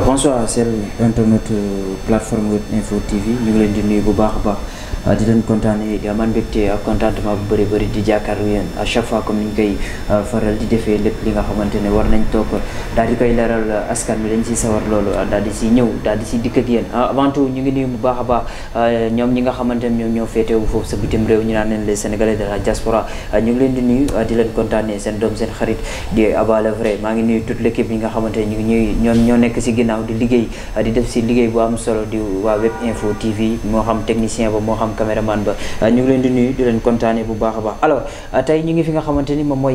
bonsoir seen internet plateforme web info TV ñu ngi leen di nuyu bu baax a baax. Ah, di leen kontaanee eh, di amaan mbégte ak ah, contentement bu bëri bëri di jàkkaarloo yéen a chaque fois comme ni ñu ah, faral di defee lépp li nga xamante ne war nañ toog daal di koy leeral askan mi dañ si sawar loolu daal di si ñëw daal di si dikk ak yéen avant tout ñu ngi baax a baax ñoom ñi nga xamante ne ñoom ñoo féetewu foofu sa bitim réew ñu naan leen les sénégalais leen di nuyu di leen eh, seen doom seen xarit di Aba le maa ngi nuyu toute l'équipe yi nga xamante ne ñu ngi ñuy ñoom ñoo nekk si ginnaaw di liggéey di def si liggéey bu am solo di waa web info tv moo xam technicien ba moo xam caméraman ba euh, ñu ngi leen di nuyu di leen kontaane bu baax a baax alors euh, fi nga xamante ni moom euh,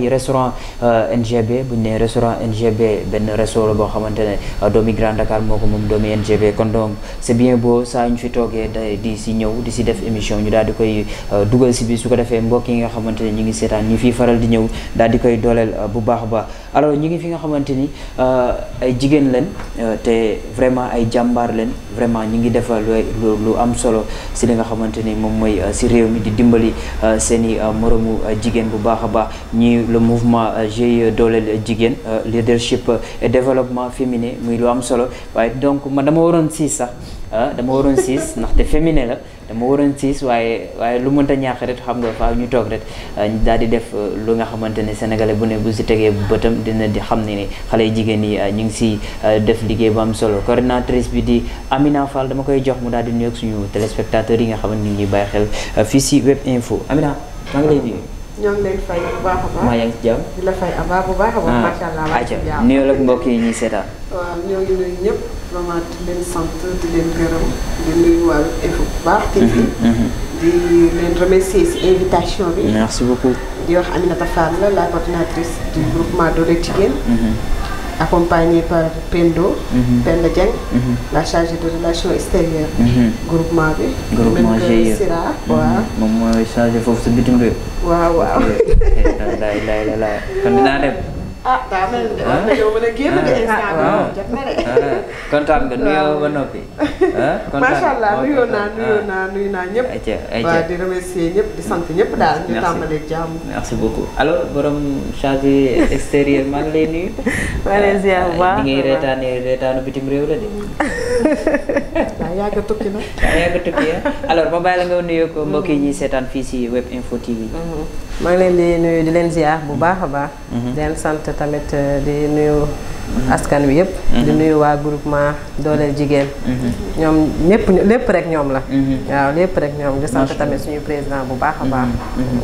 benn restaurant boo xamante ne doomi Grand Dakar moo ko moom doomi NGB kon donc c'est bien beau saa ñu fi toogee di si ñëw di si def émission ñu daal si bi su ko defee mbokk yi nga xamante ne ñu ngi seetaan ñu fii faral di ñëw daal di koy dooleel bu baax a ñu ngi fi nga xamante ni ay jigéen leen te vraiment ay jàmbaar leen vraiment ñu ngi defal lu am solo si li nga xamante ni moom mooy euh, si réew mi di dimbali euh, seen i euh, moromu jigéen bu baax a baax ñi le mouvement GIE dooleel jigéen leadership et développement féminin muy lu am solo waaye donc man dama waroon siis sax ah, dama waroon siis ndaxte féminin la dama waroon siis waaye waaye lu mënta ñàkk rek xam nga faaw ñu toog rek euh, ñu daal di def euh, lu nga xamante ne sénégalais bu ne bu si tegee bëtam dina di xam ne ni xale yu jigéen ñi euh, ñu ngi si def liggéey bu am solo coordinatrice bi di Amina Fall dama koy jox mu daal di nuyoog suñu téléspectateurs yi nga xamante ni ñuy bàyyi xel fii si web info Amina maa ngi lay nuyu. ñoo ngi lay fay bu baax a baax bu baax a baax. Ah, macha allah mbokk yi ñuy seetaan. waaw vraiment di leen sant di leen gërëm di nuyu waa info bu mhm, mhm. invitation bi. merci beaucoup. di wax Aminata la coordinatrice du mhm. groupement Doole Jigéen. accompagnée par Pendo. Penda Dieng. la chargée de relations extérieures. groupement bi. groupement GIE Sira waaw. moom mooy chargé foofu sa bitim réew. waaw waaw. Eh, eh, kon dinaa dem. ah daa mel ni war nañoo mën a génn de instant kontaan nga ba noppi. kontaan macha ñëpp. ayca ayca waaw di remercier ñëpp di sant ñëpp daal. ñu tàmbaleeg jàmm. merci beaucoup alors borom chargé extérieur maa ngi lay nuyu. maa réew a tukki a nga nuyoo mbokk yi seetaan fii si Web bu baax baax. di sant. te tamit euh, di nuyu askan wi yëpp mm-hmm. di nuyu waa groupement dooleel jigéen mm-hmm. ñoom ñëpp lépp rek ñoom la mm-hmm. waaw lépp rek ñoom di sant tamit suñu président bu baax a baax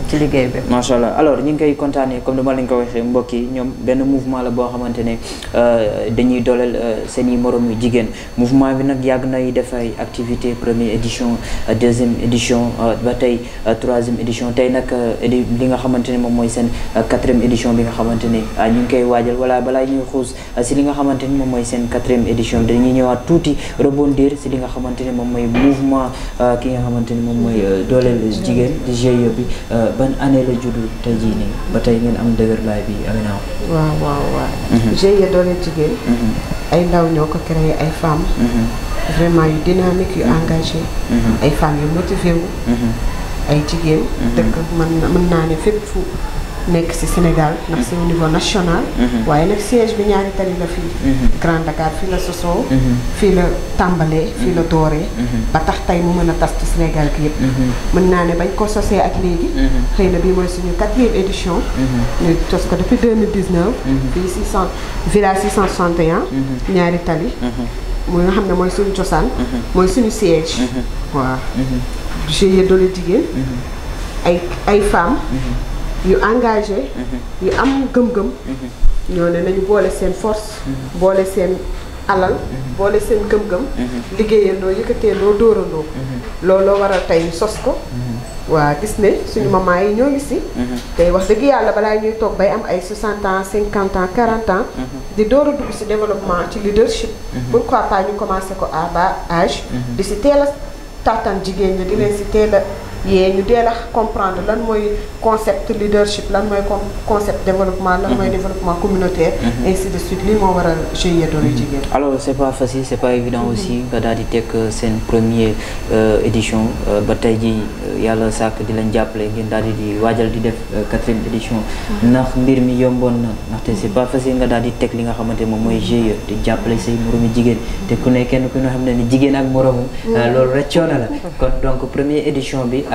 ci liggéey bi macha allah alors ñu ngi koy kontaanee comme dama lañ ko waxee mbokk yi ñoom benn mouvement la boo xamante ne euh, dañuy dooleel euh, seen i morom yu jigéen mouvement bi nag yàgg nay def ay activité première édition deuxième édition ba tey troisième édition tey nag li nga xamante ne moom mooy seen quatrième édition bi nga xamante ne ñu ngi koy waajal wala balaa ñuy xuus si li nga xamante ni moom mooy seen quatrième édition bi dañuy ñëwaat tuuti rebondir si li nga xamante ni moom mooy mouvement euh, ki nga xamante ni moom mooy euh, dooleel jigéen di GIE bi euh, ban année la juddu tey jii ba tey ngeen am dëgërlaay bi aminaaw waaw waaw waaw mhm. dooleel jigéen mhm. ay ndaw ñoo ko créé ay femmes mhm. vraiment yu dynamique yu engagé ay femmes yu motivé ay jigéen dëkk mën naa ne fépp fu nekk si Sénégal ndax c'est au national. Mhm. waaye nag siège bi ñaari tali la fii. Mhm. Grand Dakar fi la sosoo. Mhm. fii la tàmbalee fi la dooree. ba tax tey mu mën a tas ci Sénégal gi yëpp. mën naa ne bañ ko sosee ak léegi. xëy na bii mooy suñu quatrième édition. ñu tos ko depuis 2019. fii 600 village 661. ñaari tali. mooy nga xam ne mooy suñu cosaan. mooy suñu siège. waaw GIE Dolli Jigéen. ay ay femmes. yu engage yu am gëm-gëm. ñoo ne nañu boole seen force. boole seen alal. boole seen gëm-gëm. liggéeyandoo yëkkateendoo dóorandoo. looloo waral tey sos ko. waa gis ne suñu maman yi ñoo ngi si. tey wax dëgg yàlla balaa ñuy toog bay am ay 60 ans 50 ans 40 ans. di door a dugg si développement ci leadership. pourquoi pas ñu commencé ko à bas âge. di si teel a taataan jigéen ñi di si teel a. yee ñu deel a comprendre lan mooy concept leadership lan mooy concept développement lan mooy mhm. développement mhm. de suite lii moo waral GIE doole mhm. jigéen alors c'est pas facile c'est pas évident aussi nga daal di teg euh, seen première euh, édition euh, ba tey ji yàlla sàkk di lañ jàppale ngeen daal di di waajal di def quatrième édition ndax mbir mi yomboon na te c'est pas facile nga daal di teg li nga xamante moom mooy GIE di jàppale say moroomi jigéen te ku ne kenn ku ne xam ne ni jigéen ak moroomam loolu rek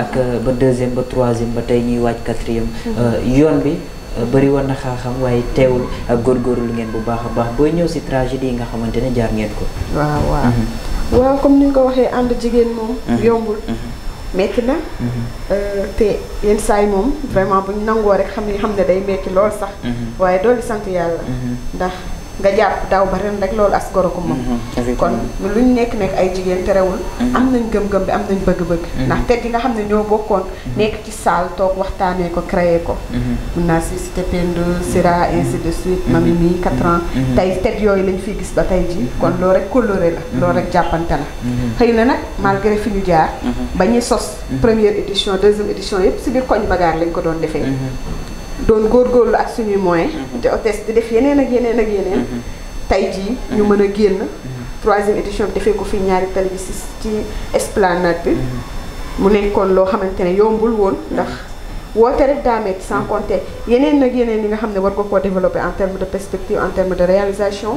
ak euh, ba deuxième ba troisième ba tey ñuy waaj quatrième mm-hmm. euh, yoon bi euh, bëri woon na xaaxam waaye teewul ak góor góorgóorlu ngeen bu baax a baax booy ñëw si tragédie yi nga xamante ne jaar ngeen ko waaw waaw mm-hmm. waaw comme ni nga ko waxee ànd jigéen moom mm-hmm. yombul metti na te yenn saa yi moom vraiment buñ nangoo rek xam ne xam ne day metti lool sax waaye dooli sant yàlla ndax nga jàpp daaw ba ren rek loolu as goro ko moom mhm, kon ñu nekk nekk ay jigéen terewul mhm. am nañ gëm-gëm bi am nañ bëgg-bëgg mhm. ndax tedd yi nga xam ne ñoo bokkoon nekk ci saal toog waxtaanee ko créer ko mun naa si cité Pendo Sira ainsi de suite mami mi quatre ans tey tedd yooyu lañ fi gis ba tey ji kon loolu rek coloré la loolu rek jàppante la xëy na nag malgré fi ñu jaar ba ñuy sos première édition deuxième édition yëpp si biir koñ bagaar lañ ko doon defee doon góorlu ak suñuy moyens. Mhm. te OTS di def yeneen ak yeneen ak yeneen. Mhm. tey jii ñu mën a génn. Mhm. troisième édition bi defee ko fii ñaari tali ci esplanade bi. mu nekkoon loo xamante ne yombul woon ndax woote rek daa metti sans compter yeneen ak yeneen yi nga xam ne war ko koo développer en terme de perspective en terme de réalisation.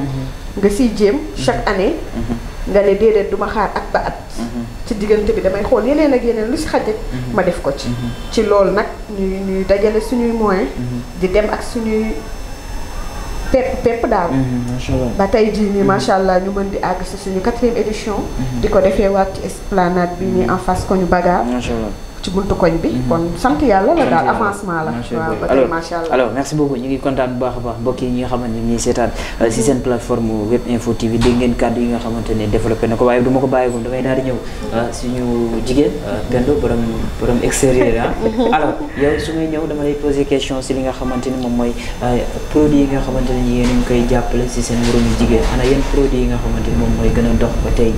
nga siy jéem chaque année. nga ne déedéet du ma xaar ak ba at. ci diggante bi damay xool yeneen ak yeneen lu si xaj rek mhm. ma def ko ci mhm. ci lool nag ñuy ñuy dajale suñuy moyen mhm. di dem ak suñuy pepp pepp daal ba tey jii nii macha allah ñu mën di àgg si suñu quatrième édition di ko defee waat ci esplanade bi nii en face ko ñu bagaar ci buntu koñ bi. Mhm. kon sant yàlla la daal avancement la. waaw ba tey macha allah alors merci beaucoup ñu ngi kontaan bu baax a baax mbokk yi ñi nga xamante seetaan euh, si seen plateforme web info TV dégg kàddu yi nga xamante ne na ko waaye du ma ko bàyyeegum damay daal ñëw euh, suñu jigéen. Euh, Pendo borom borom extérieur ah. alors ñëw dama lay question si li nga xamante ni moom mooy produit yi nga xamante ne yéen ñu ngi koy jàppale si seen moromu jigéen xanaa yéen produit yi nga xamante a dox ba tey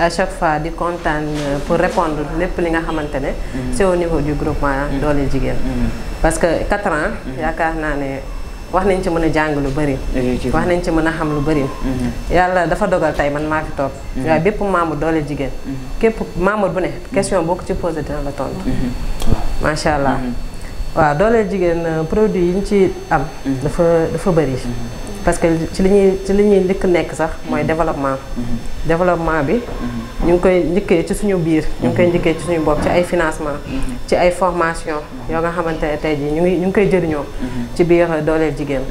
à chaque fois di kontaan euh, pour répondre lépp li nga xamante ne. Mhm. c'est au niveau du groupement mhm. doole jigéen. Mhm. parce que 4 ans. yaakaar naa ne wax nañ ci mën a jàng lu bëri. wax nañ ci mën a xam lu bëri. yàlla dafa dogal tey man maa fi toog. waaye bépp membre doole jigéen. képp membre bu ne question boo ko ci posé dina la tontu. macha allah waaw doole jigéen euh, produit yi ñu ci am. dafa dafa bëri. parce que ci li ñuy ci li ñuy njëkk nekk sax mooy développement. Mm-hmm. développement bi. Mm-hmm. ñu ngi koy njëkkee ci suñu biir. ñu ngi koy mm-hmm. njëkkee ci suñu bopp ci ay financement ci ay formation yoo nga xamante ne tey jii ñu ngi ñu ngi koy jëriñoo. ci biir dooleel jigéen.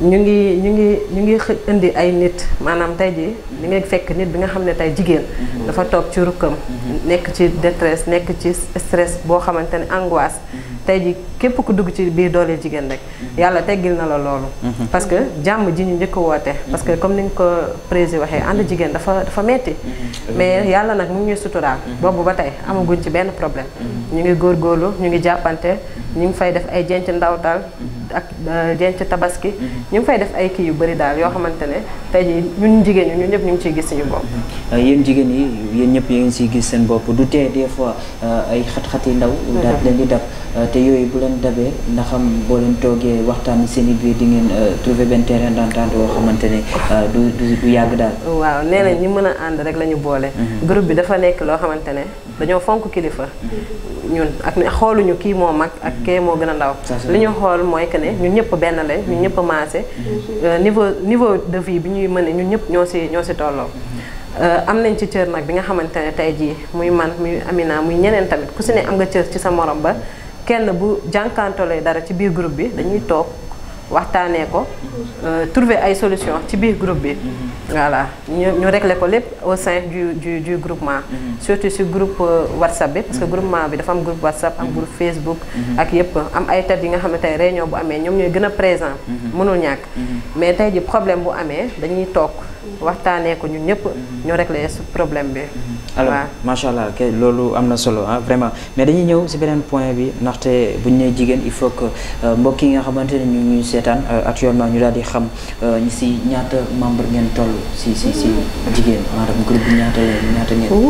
ñu ngi ñu ngi ñu ngi indi ay nit maanaam tey jii ñu nga fekk nit bi nga xam ne tey jigéen. Mhm. dafa toog ci rukkam. Mhm. nekk ci détresse nekk ci stress boo xamante ne angoisse. Mhm. tey jii képp ku dugg ci biir dooleel jigéen rek. yàlla teggil na la loolu. parce que jàmm ji ñu njëkk a woote. parce que comme ni nga ko prési waxee ànd jigéen dafa dafa metti mais yàlla nag mu ngi ñuy suturaal. boobu ba tey amaguñ ci benn problème. ñu ngi góorgóorlu ñu ngi jàppante. ñu ngi fay def ay jenc daal mhm. ak euh, jenc tabaski mhm. ñu ngi fay def ay kii yu bëri daal yoo xamante ne tey jii ñun jigéen ñi ñun ñëpp ñu ngi ciy gis suñu bopp mhm. euh, yéen jigéen yi yéen ñëpp yéen siy gis seen bopp du tee des fois euh, ay xat-xat yi ndaw daal leen di dab te yooyu bu leen dabee ndaxam boo leen toogee waxtaan seen i biir di ngeen trouver benn terrain d'entente boo xamante ne du du yàgg daal waaw nee na ñi mën a ànd rek la ñu boole groupe bi dafa nekk loo xamante ne dañoo fonk kilifa ñun ak xooluñu kii moo mag ak kee moo gën a ndaw li ñu xool mooy que ne ñun ñëpp benn la ñun ñëpp a maase euh, niveau niveau de vie bi ñuy mën mëne ñun ñëpp ñoo si ñoo si tolloo euh, am nañ ci cër nag bi nga xamante ne tey jii muy man muy Amina muy ñeneen tamit ku si ne am nga cër ci sa morom ba kenn bu jànkantolee dara ci biir group bi dañuy toog waxtaanee ko euh, trouver ay solution ci biir groupe bi voilà ñu ñu régler ko lépp au sein ju du du groupement mhm. surtout si groupe euh, whatsapp bi parce que mhm. groupement bi dafa am groupe whatsapp am mhm. groupe facebook ak yëpp am ay tête yi nga xamante ne réunion bu amee ñoom ñooy gën a présent mënul ñàkk mais tey ji problème bu amee dañuy toog waxtaanee ko ñun ñëpp. Mhm. ñu réglé su problème bi. Mhm. alors macha allah kay loolu am na solo ah vraiment mais dañuy ñëw si beneen point bi ndaxte bu ñu nee jigéen il faut que euh, mbokk yi nga xamante ne ñu ñuy seetaan euh, actuellement ñu daal di xam ñu euh, si ñaata membre ngeen toll si si si jigéen maanaam groupe bi ñaata ñaata ngeen.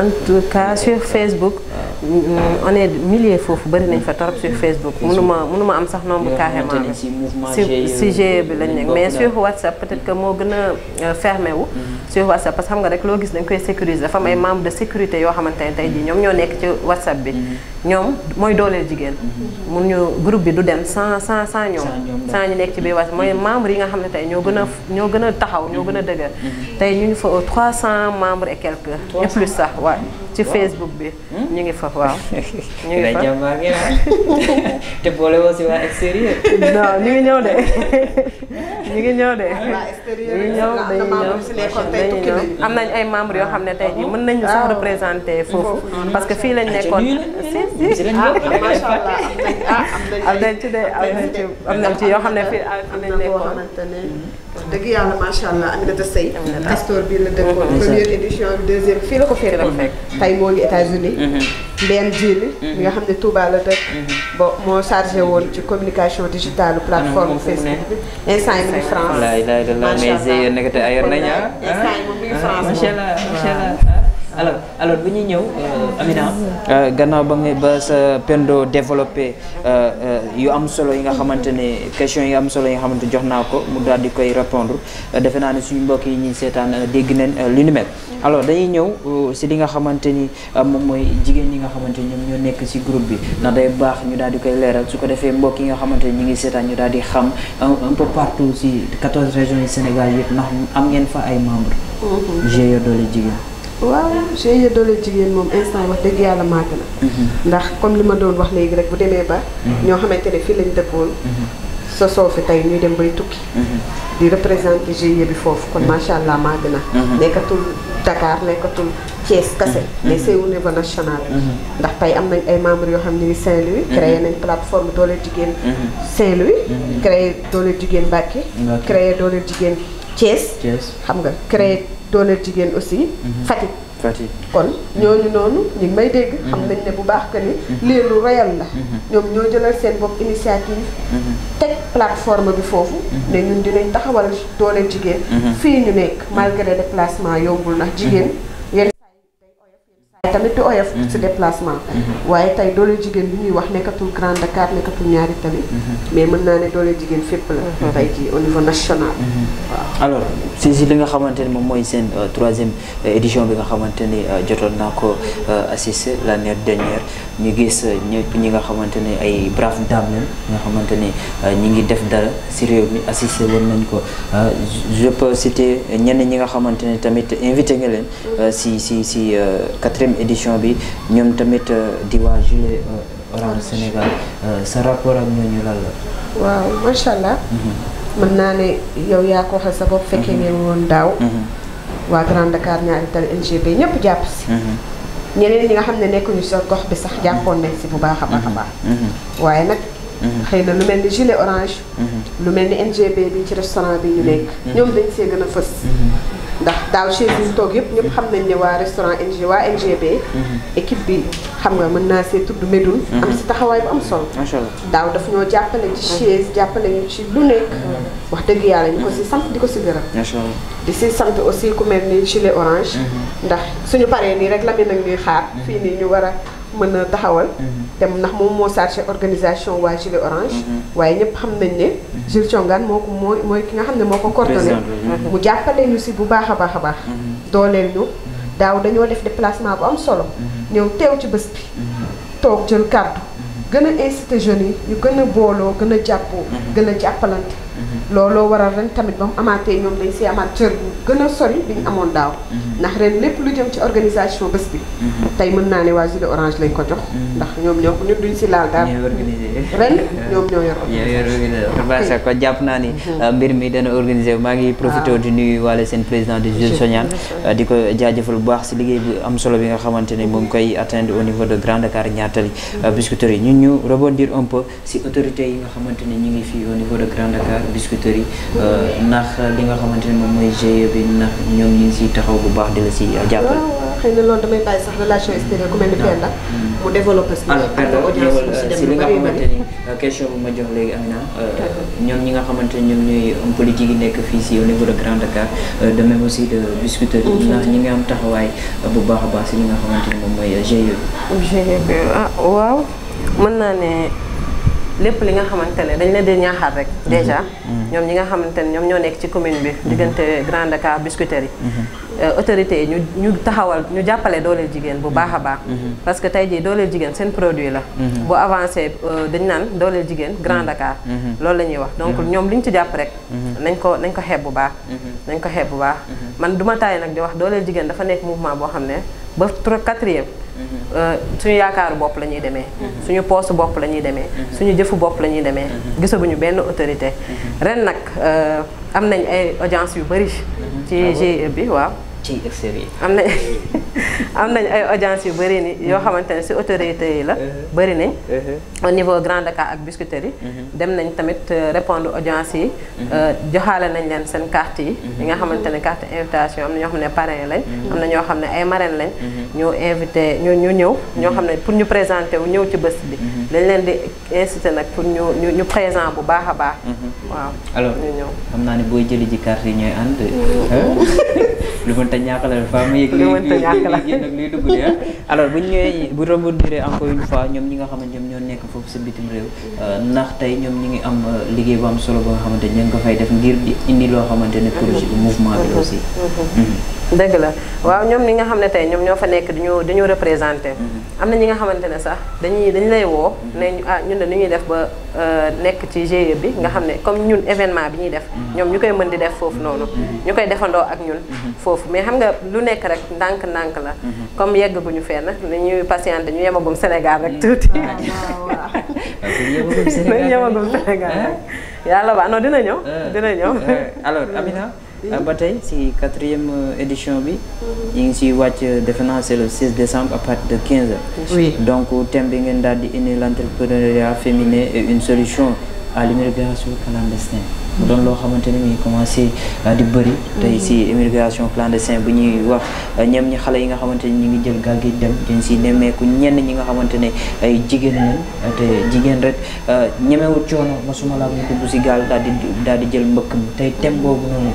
en tout cas sur Facebook. Euh, on est milliers foofu bëri nañ fa torop sur Facebook. mënuma mënuma am sax nombre carrément. si si GIE bi lañ nekk mais sur WhatsApp peut-être que moo gën a euh, fermé wu. Mm-hmm. sur WhatsApp parce que xam nga rek loo gis dañ koy sécuriser dafa am ay mm-hmm. de sécurité yoo xamante ne tey jii ñoom ñoo nekk ci WhatsApp bi. Mm-hmm. ñoom mooy dooleel jigéen. mun ñu groupe bi du dem sans sans sans ñoom. sans ñu nekk ci biir WhatsApp mooy membres yi nga xam ne tey ñoo gën a ñoo gën a taxaw ñoo gën a dëgër. tey ñu ngi fa 300 membres et quelques. sax waaw. ci Facebook bi. Hmm? ñu ngi fa waaw. ñu ngi fa ah. te boole woo si waa extérieur. non ñu ngi ñëw de ñu ngi ñëw de. ñu ngi ñëw day am nañ ay membres yoo xam ne tey jii mën nañu sax ah. représenté foofu. parce que fii lañ nekkoon si si. Ah, macha allah am nañ ci de am nañ ci yoo xam ne fii am nañ nekkoon. dëgg yàlla macha allah Aminata Sey Astor bii la dëkkoon première édition bi deuxième fii la ko fekk tey moo ngi États-Unis mm-hmm. benn jili mi mm-hmm. nga xam ne Touba la dëkk mm-hmm. bon moo chargé woon ci communication digitale plateforme Facebook bi instant yi mu France macha allah ah? instant yi ah, allah macha alors alors bu ñuy ñëw euh, Amina. Euh, gannaaw ba nga ba sa Pendo développé euh, yu am solo yi nga xamante ne question yu am solo yi nga xamante jox naa ko mu daal di koy répondre defe naa ne suñu mbokk yi ñuy seetaan dégg nañ lu ni mel. alors dañuy ñëw si li nga xamante ni moom mooy jigéen ñi nga xamante ni ñoom ñoo nekk si groupe bi ndax day baax ñu daal di koy leeral su ko defee mbokk yi nga xamante ni ñu ngi seetaan ñu daal di xam un partout si 14 régions yi Sénégal yëpp ndax am ngeen fa ay membres. GIE mm-hmm. Dolli Jigéen. waaw GIE dooleel jigéen moom instant yi wax dëgg yàlla màgg na. Mhm. ndax comme li ma doon wax léegi rek bu demee ba. Mhm. ñoo xamante ne fii lañ dëkkoon. Mhm. sa soo fi tey ñuy dem bay tukki. di représenter GIE bi foofu kon macha allah màgg na. nekkatul Dakar nekkatul Thiès kase. mais c'est au niveau national. ndax tey am nañ ay membres yoo xam ne ni Saint-Louis. créé nañ plateforme dooleel jigéen. Saint-Louis. créé dooleel jigéen Mbacké. créer dooleel jigéen Thiès. xam nga créé. dooleel jigéen aussi. Mhm. Fatick. Fatick kon ñooñu noonu ñu ngi may dégg. Mhm. xam nañ ne bu baax que ni. Mhm. lii lu royal la. ñoom ñoo jëlal seen bopp initiative. teg plateforme bi foofu. ne ñun dinañ taxawal dooleel jigéen. fii ñu nekk malgré déplacement yombul ndax jigéen. tamit du oyof si mhm. déplacement mhm. waaye tey doole jigéen bi ñuy wax nekkatul Grand Dakar nekkatul ñaari tali mhm. mais mën naa ne doole jigéen fépp la tey jii au niveau national waaw alors si si li nga xamante ne moom mooy seen euh, troisième euh, édition bi nga xamante ni euh, jotoon naa ko assister l'année dernière ñu gis ñëpp ñi nga xamante ne ay brave dame lañ nga xamante ni ñi ngi def dara si réew mi assister woon nañ ko je peux citer ñenn ñi nga xamante ne tamit invité nga leen si si si quatrième édition bi ñoom tamit euh, di waa gilet euh, orange Sénégal euh, sa rapport ak ñooñu lan la. waaw macha allah. Mhm. mën naa ne yow yaa ko waxee sa bopp. Mhm. fekkee ne woon daaw. Mhm. waa grande Dakar ñaari tali NGB ñëpp jàpp si. ñeneen ñi nga xam ne nekkuñu sa gox bi sax jàppoon nañ si bu baax a baax a baax. waaye nag. xëy na lu mel ni gilet orange. lu mel ni NGB bi ci restaurant bi ñu nekk. ñoom dañ see gën a fës. ndax daaw chaise yi toog yëpp ñëpp xam nañ ne waa restaurant NG waa NGB. Mhm. équipe bi xam nga mën naa see tudd Médoune. Mhm. am si taxawaay bu am solo. macha allah daaw daf ñoo jàppale ci chaise jàppale ñu ci lu nekk. wax dëgg yàlla ñu ko si sant di ko si gërëm. di si sant aussi ku mel ni gilet orange. Mhm. ndax suñu paree nii rek la mi nag ñuy xaar. fii nii ñu war a. mën na taxawal. Mhm. te ndax moom moo chargé organisation waa Gilet Orange. Mhm. waaye ñëpp xam nañ ne. Mhm. Jules Thiongane moo ko moo mooy ki nga xam ne moo ko coordonné. mu jàppale ñu si bu baax a baax a baax. dooleel ñu daaw dañoo def déplacement bu am solo. ñëw teew ci bës bi. toog jël kàddu. gën a incité jeunes yi ñu gën a booloo gën a jàppoo. gën a jàppalante. looloo waral ren tamit ba mu amaatee ñoom dañ si amaat cër bu gën a sori bi ñu amoon daaw. Mhm. ndax ren lépp lu jëm ci organisation bés bi. Mhm. tey mën naa ne waa Jules Orange lañ ko jox. Mhm. ndax ñoom ñoo ñun duñ si laal daal. ren ñoom ñoo yor jàpp naa ni euh, mbir mi dana organisé maa ngi profité ah. di nuyu wala seen président de Jules euh, ko jaajëfal bu baax si liggéey bu am solo bi nga xamante ne moom koy atteindre au niveau de Grand Dakar ñaatali euh, biscuiterie ñu ñu rebondir un peu si autorité yi nga xamante ne ñu ngi fii au niveau de Grand Dakar ak biscuiterie yi euh, ndax li nga xamante ne moom mooy GIE bi ndax ñoom ñu ngi taxaw bu baax di la si jàppale. Ah, na loolu damay bàyyi sax relation extérieure ku mel ni Penda mu développé si ah, li nga xamante ni euh, question bu ma jox léegi Amina euh, ñoom ñi nga xamante ñoom ñooy homme politique yi nekk fii si au niveau de Grand Dakar de aussi de Biscuiterie mhm. ndax ñi nga am taxawaay bu baax a baax si li nga xamante ni moom mooy GIE bi GIE bi ah waaw mën naa ne lépp li nga xamante ne dañ la dee ñaaxaat rek mhm. déjà mhm. ñoom ñi nga xamante ne ñoom ñoo nekk ci commune bi mhm. diggante Grand Dakar Biscuiterie yi Euh, autorités yi ñu ñu taxawal ñu jàppale dooleel jigéen bu baax a baax. Mm-hmm. Mm-hmm. parce que tey jii dooleel jigéen seen produit la. Mm-hmm. bu avancé euh, dañ naan dooleel jigéen Grand Dakar. loolu la ñuy wax donc ñoom li ñu ci jàpp rek. nañ ko nañ ko xeeb bu baax. nañ ko xeeb bu baax. man du ma taay nag di wax dooleel jigéen dafa nekk mouvement boo xam ne ba trop quatrième. Euh, suñu yaakaaru bopp la ñuy demee. suñu poosu bopp la ñuy demee. suñu jëfu bopp la ñuy demee. gisaguñu benn autorité. ren nag am nañ ay audience yu bëri. ci ah g e bi waaw. ci extérieur am na am nañ ay audience yu bëri ni yoo xamante ne si autorités yi la uh-huh. bëri nañ uh-huh. au niveau Grand Dakar ak Biscuiterie yi uh-huh. dem nañ tamit euh, répondre audience yi euh, joxaale nañ leen seen carte yi yi nga xamante ne carte invitation am na ñoo xam ne parrain lañ am na ñoo xam ne ay marraine lañ ñu invité ñu ñu ñëw ñoo xam ne pour ñu présenter wu ñëw ci bés bi dañ leen di incité nag pour ñu ñu ñu présent bu baax a baax waaw alors ñu ñëw xam naa ne booy jëli ji carte yi ñooy ànd mmh. lu mënta ñàkk la dafa am yëg lu mënta ñàkk la yëg luy dugg de alors bu ñu ñëwee bu rebondiree encore une fois ñoom ñi nga xamante ñoom ñoo nekk foofu sa bitim réew euh, ndax tey ñoom ñi ngi am euh, liggéey bu am solo ba nga xamante ñu ngi ko fay def ngir di indi loo xamante ne mhm. projet mouvement bi aussi mhm. Mhm. dëgg la waaw ñoom ñi nga xam ne tey ñoom ñoo fa nekk dañoo représenté am na ñi nga xamante ne sax dañuy dañu lay woo mm-hmm. ne ah ñun de nu ñuy def ba euh, nekk ci GIE bi nga xam ne comme ñun événement bi ñuy def mm-hmm. ñoom ñu koy mën di def foofu noonu mm-hmm. ñu koy defandoo ak ñun foofu mais xam nga lu nekk rek ndànk-ndànk la comme yegg bu ñu fenn dañuy patiente ñu yemagum Sénégal rek tuuti ah, ñu yemagum Sénégal rek yàlla baa non dina ñëw euh, dina ñëw euh, Ah, ba tey si quatrième euh, édition bi. Mhm. ñu ngi siy wàcc euh, defe naa le 6 décembre à partir de 15 heures. oui donc thème bi ngeen daal di indi l'entrepreneuriat féminin et une solution. à l'immigration clandestine mu doon loo xamante ni muy commencé ah, di bëri tey mm-hmm. si immigration clandestine bu ñuy wax ah, ñoom ñi xale yi nga xamante ni ñu ngi jël gaal gi dem dañ si nemmeeku ñenn ñi nga xamante ne ay jigéen lañ ah, te jigéen rek ñemewut coono masuma laa mu dugg si gaal daal di daal di jël mbëkk mi tey thème boobu noonu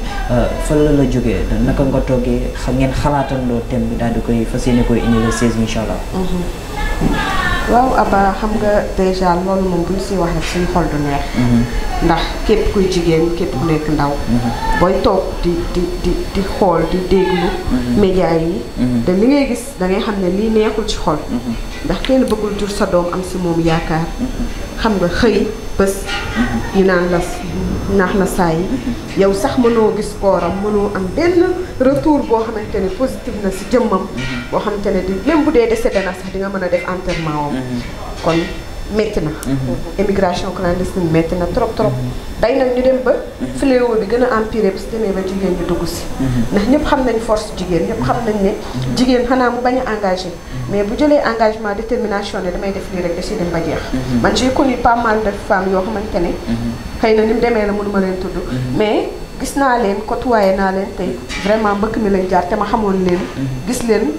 fan la la jógee naka nga toggee xam ngeen xalaatandoo thème bi daal di koy fa yéene koy indi le 16 incha allah mm-hmm. waaw Abba xam nga déjà loolu moom bu ñu si waxee suñu xol du neex. Mhm. ndax képp kuy jigéen képp ku nekk ndaw. Mhm. booy toog di di di di xool di déglu. Mhm. média yi. te li ngay gis da ngay xam ne lii neexul ci xol. ndax kenn bëggul jur sa doom am si moom yaakaar. xam nga xëy bés. ñu naan la naax na saa yi yow sax mënoo gis kooram mënoo am benn retour boo xamante ne positif na si jëmmam. Mhm. boo xamante ne di même bu dee décédé na sax di nga mën a def enterrement am mhm. kon. métti na. émigration mhm. clandestine métti na trop trop. day mhm. nag ñu dem ba. woo mhm. bi gën a empiré bu si demee ba jigéen ñu dugg si. ndax ñëpp xam nañ force jigéen ñëpp xam nañ ne. jigéen xanaa mu bañ a engagé. mais bu jëlee engagement détermination ne damay def lii rek da siy dem ba jeex. man j'ai connu pas mal de femmes yoo xamante ne. xëy na ni mu demee la mënuma leen tudd. mais gis naa leen côtoyé naa leen tey vraiment mbëkk mi lañ jaar te ma xamoon leen. gis leen.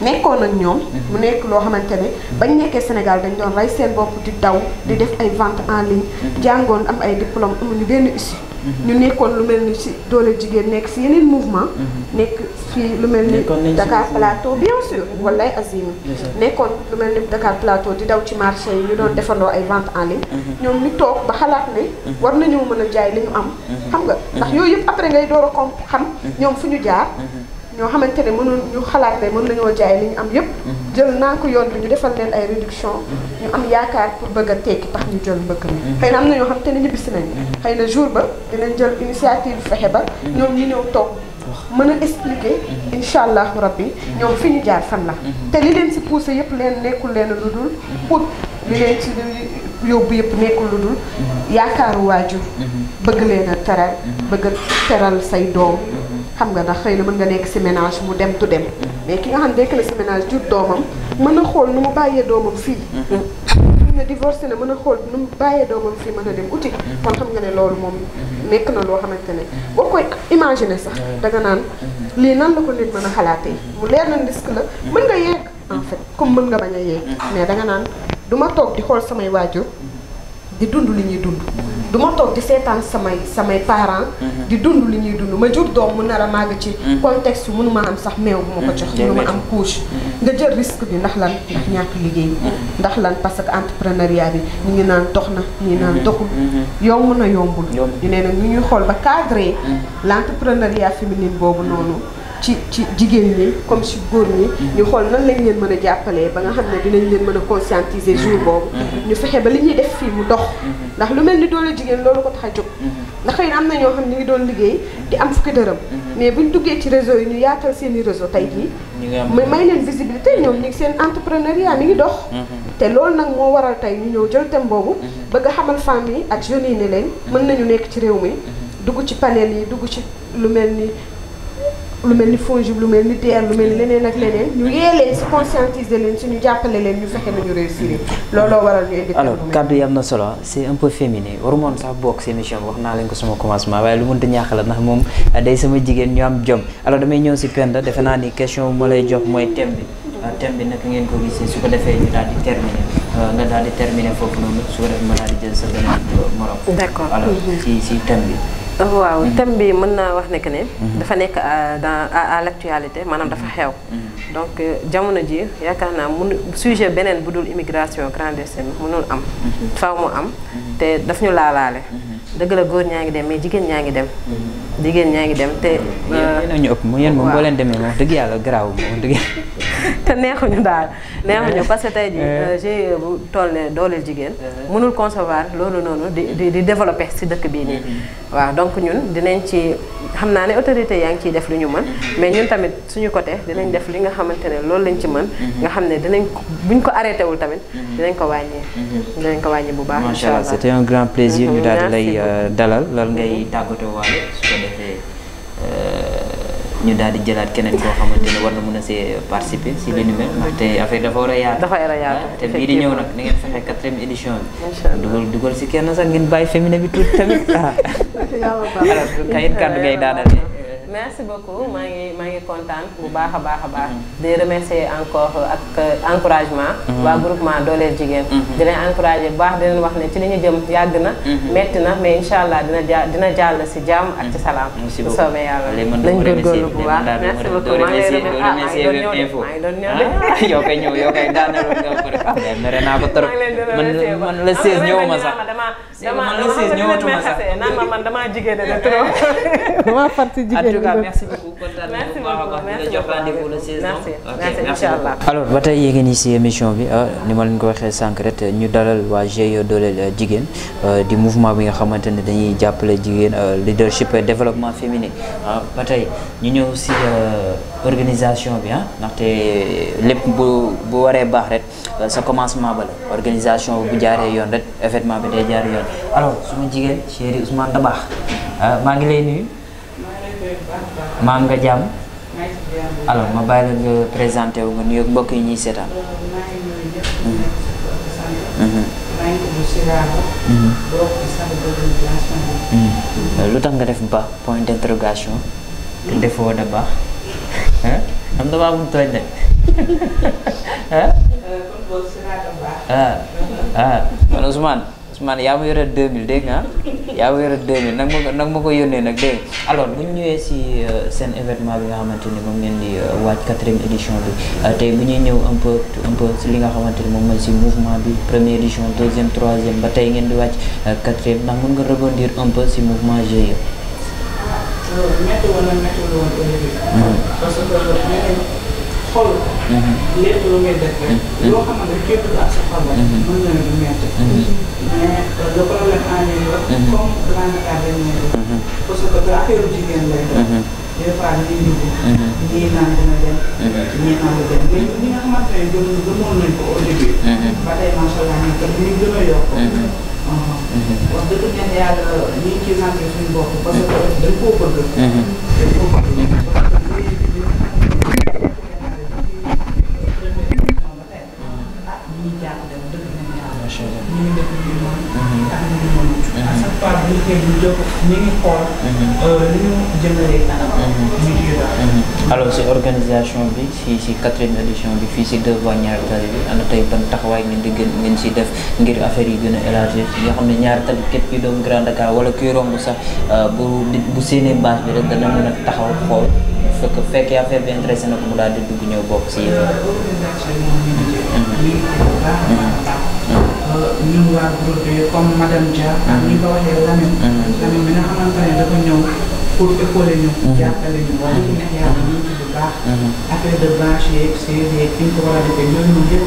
nekkoon ak ñoom. mu nekk loo xamante ne bañ nekkee Sénégal dañ doon rey seen bopp di daw di def ay vente en ligne. jàngoon am ay diplôme amuñu benn issue. ñu nekkoon lu mel ni ci doole jigéen nekk ci yeneen nekk fii lu mel ni. Dakar Plateau bien sûr wallaay Azim. nekkoon lu mel ni Dakar Plateau di daw ci marché yi ñu doon defandoo ay vente en ligne. ñoom ñu toog ba xalaat ne. war nañoo mën a jaay li ñu am. Mhm. xam nga ndax mhm. yooyu yëpp après ngay door a ko xam ñoom fu ñu jaar. Mhm. ñoo xamante ne mënul ñu xalaat ne mën nañoo jaay li ñu am yëpp. Mhm. jël naa ko yoon bi ñu defal leen ay réduction mhm. ñu am yaakaar pour bëgg a tekki tax ñu jël mbëkk mi. Mhm. xëy na am na ñoo xamante ne ñibbisi nañ xëy na jour ba dinañ jël initiative fexe ba. ñoom ñi ñëw toog. mën a expliquer incha allahu rabbi ñoom fi ñu jaar fan la. te li leen si poussé yëpp leen nekkul leen lu dul. pour li leen ci yóbbu yëpp nekkul lu dul. yaakaaru waajur. bëgg leen a teral. bëgg a say doom. xam nga ndax xëy na mën nga nekk si ménage mu dem tu dem mais ki nga xam nekk na si ménage jur doomam mën a xool nu mu bàyyee doomam fii mhm. na divorcé na mën a xool nu mu bàyyee doomam fii mën a dem uti kon xam nga ne loolu moom nekk na loo xamante ne boo koy imaginer sax danga naan mhm. lii nan la ko nit mën a xalaatee mu leer na risque la mhm. mën nga yeeg en fait comme mën nga bañ a yeeg mais danga naan du ma toog di xool samay waajur di dund li ñuy dund du ma toog di seetaan samay samay parents mhm. di dund li ñuy dund ma jur doom mu nar a ci mhm. contexte mënu ma am sax meew bu ma ko mhm. jox mënu ma am couche nga jël risque bi ndax lan ndax ñàkk liggéey ndax lan parce que entrepreneuriat bi ñu ngi naan dox na ñu ngi naan doxul yomb na yombul ñu nee nag ñu ñuy xool ba cadré l'entrepreneuriat féminin boobu noonu ci ci jigéen ñi comme si góor ñi mm-hmm. ñu xool nan lañ leen mën a jàppalee ba nga xam ne dinañ leen mën a conscientiser jour mm-hmm. boobu mm-hmm. ñu fexe ba li ñuy def fii mu dox ndax lu mel ni doole jigéen loolu ko tax a jóg ndax xëy na am na ñoo xam ne ñu ngi doon liggéey di am fukki dërëm mais buñ duggee ci réseau yi ñu yaatal seen i réseau tey jii mais may leen visibilité ñoom ñu ngi seen entrepreneuriat mi ngi dox te loolu nag moo waral tey ñu ñëw jël thème boobu bëgg a xamal femmes yi ak jeunes yi ne leen mën nañu nekk ci réew mi dugg ci panel yi dugg ci lu mel ni lu mel ni FONGIP lu mel ni DER lu mel ni leneen ak leneen ñu yee leen si conscientiser leen suñu jàppale leen ñu fexe nañu réussir am na solo c'est un peu féminin warumoon sax bokk si émission bi wax naa leen ko sama commencement waaye lu mënta ñàkk la ndax moom day sama jigéen ñu am jom alors damay ñëw si Penda defe naa ni question bu ma lay jox mooy thème bi euh, thème bi ngeen ko gisee su ko defee ñu daal di terminer. Euh, nga daal di terminer foofu noonu su ko defee ma daal di jël sa beneen euh, morom. d'accord alors ci ci bi. waaw mm-hmm. thème bi mën naa wax ne que ne. Mm-hmm. dafa nekk euh, dans à à l'actualité maanaam dafa mm-hmm. xew. donc euh, jamono ji yaakaar naa mun sujet beneen bu dul immigration clandestine mënul am. faw mu am te daf ñu laalaale. dëgg la góor ñaa ngi dem mais jigéen ñaa ngi dem. jigéen ñaa ngi dem te. yéen ñu ëpp mu yéen moom boo leen demee moom dëgg yàlla garaaw moom dëgg te neexuñu daal neexuñu parce que tey jii GIE eh. euh, euh, bu toll ne dooleel jigéen eh. mënul concevoir loolu noonu di di développer ci dëkk bii nii mm-hmm. waaw donc ñun dinañ ci xam naa ne autorité yaa ngi ciy def lu ñu mën mm-hmm. mais ñun tamit suñu côté dinañ def li nga xamante ne loolu lañ ci mën mm-hmm. nga xam ne dinañ buñ ko arrêté wul tamit dinañ ko wàññi dinañ ko wàññi bu baax macha allah c'était un grand plaisir ñu daal di lay euh, dalal loolu ngay tàggatoo waale ñu daal di jëlaat keneen koo xamante ne war na mën a see participer si li ni mel dafa war a yaatu. dafa war a ah, te bii di ñëw nag ni ngeen fexe quatrième édition bi. dugal dugal si kenn sax ngeen bàyyi féminin bi tuuti tamit. Ah. yàlla baax na alors kayit kàddu ngay merci beaucoup mm-hmm. maa ngi maa ngi kontaan bu mm-hmm. baax a baax a baax. Mm-hmm. di remercier encore ak euh, encouragement. waa groupement dooleel jigéen. di leen encourager bu baax di leen wax ne ci li ñu jëm yàgg na. metti na mais incha allah dina ja dina jàll si jàmm ak ci salaam. bu soobee yàlla nañ góorgóorlu bu baax. merci beaucoup ah, maa ngi doon ñëw maa ngi doon ñëw ñëw yow kay ko def. maa ngi leen di man la 16 ñëwuma sax. dama a man damaa jigéen de trop. en tout cas merci beaucoup merci alors ba tey yéegeen si émission bi ah, ni ma leen ko waxee sànq rek ñu dalal waa GIE dooleel ah, jigéen ah, di mouvement bi nga xamante ne dañuy jàppale jigéen leadership et développement féminin ba tey ñu ñëw si organisation bi ah ndaxte lépp bu bu waree baax rek sa commencement ba la organisation bu jaaree yoon rek événement bi day jaar yoon alors suma jigéen chéri Ousmane Dabakh maa ngi lay nuyu maa nga jàmm alors ma bàyyi nga présenté wu nga nuyoog mbokk yi ñuy seetaan. Mm-hmm. Mm-hmm. Mm-hmm. lu tax nga def ba point d'interrogation. te defoo da baax. am na waa mu tooñ de. Euh, ah ah man Ousmane yaa ma yore 2000 dégg nga yaa ma yore 2000 nag ma nag ma ko yónnee nag dégg alors bu ñu ñëwee si euh, seen événement bi nga xamante ni moom ngeen di euh, waaj quatrième édition bi euh, tey bu ñuy ñëw un peu un peu si li nga xamante ni moom mooy si mouvement bi première édition deuxième troisième ba tey ngeen di waaj quatrième ndax mën nga rebondir un peu si mouvement GIE. Mhm. parce xool mhm. lépp lu ngay def rek mhm. loo xamante ne képp la sa xol rek mhm. mën na ne du metti mais euh, le problème en ligne la comme Grand Dakar dañ ne parce que affaire jigéen lay def des fois ñuy dugg ñii naan dina dem ñii naan du dem mais ñi nga xamante ne gëm gëmoon nañ ko au début ba tey macha allah ñu ko ñu gën a yokk wax dëgg neex yàlla ñu ngi ciy sant suñu bopp parce que dañ koo bëgg dañ koo bëgg ñu def organisation bi si ci quatrième édition bi fii si devant ñaari tali bi ana tey ban taxawaay ngeen di gën ngeen si def ngir affaire yi gën a élargir nga xam ne ñaari tali képp ki doomu Grand Dakar wala kuy romb sax euh, bu seenee séenee bi rek dana mën a taxaw xool. fekk fekkee affaire bi intéressé na ko mu daal di dugg ñëw bokk si yéen. ñun waa groupe comme madame Dia. ak ñi ko waxee Lamine. Mm-hmm. Lamine bi nga ne dafa ñëw pour école ñu. Mm-hmm. ñu mm-hmm. wax dëgg baax. a defee ñooñu ñëpp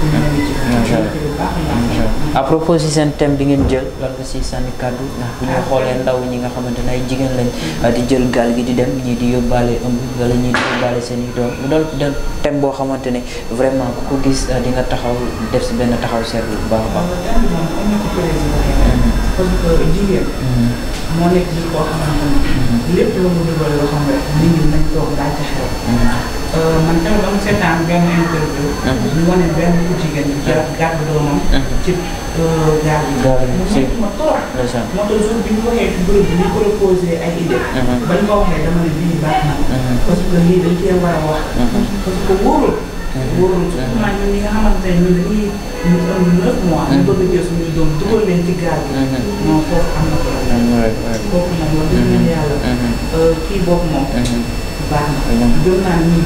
ñu ngi ci. seen thème bi ngeen jël lan nga siy sànni kàddu ndax bu ñu xoolee ndaw ñi nga xamante ne ay jigéen lañ mm-hmm. di jël gaal gi di dem ñii di yóbbaale ëmb wala ñii di yóbbaale seen i doom mu doon dem thème boo xamante ne vraiment ku ko gis ah, di nga taxaw def si benn taxaw seetlu bu baax a baax. lépp lu mu dugal loo xam ne nit ñi nañ toog daal ci xel. Euh, man tamit dama seetaan benn interview. ñu mhm. wane benn jigéen bi gàddu mhm. doomam. Mhm. ci euh, gaal bi. gaal bi si ma toog. moo tax jour bi ñu waxee ci groupe bi ñu proposé ay idée. bañ ko waxee dama ne bii baax na. parce que lii dañ cee war a wax. parce que wóorul. wóorul surtout man ñun ñi nga xamante ne baax na. gëm naa ni mhm.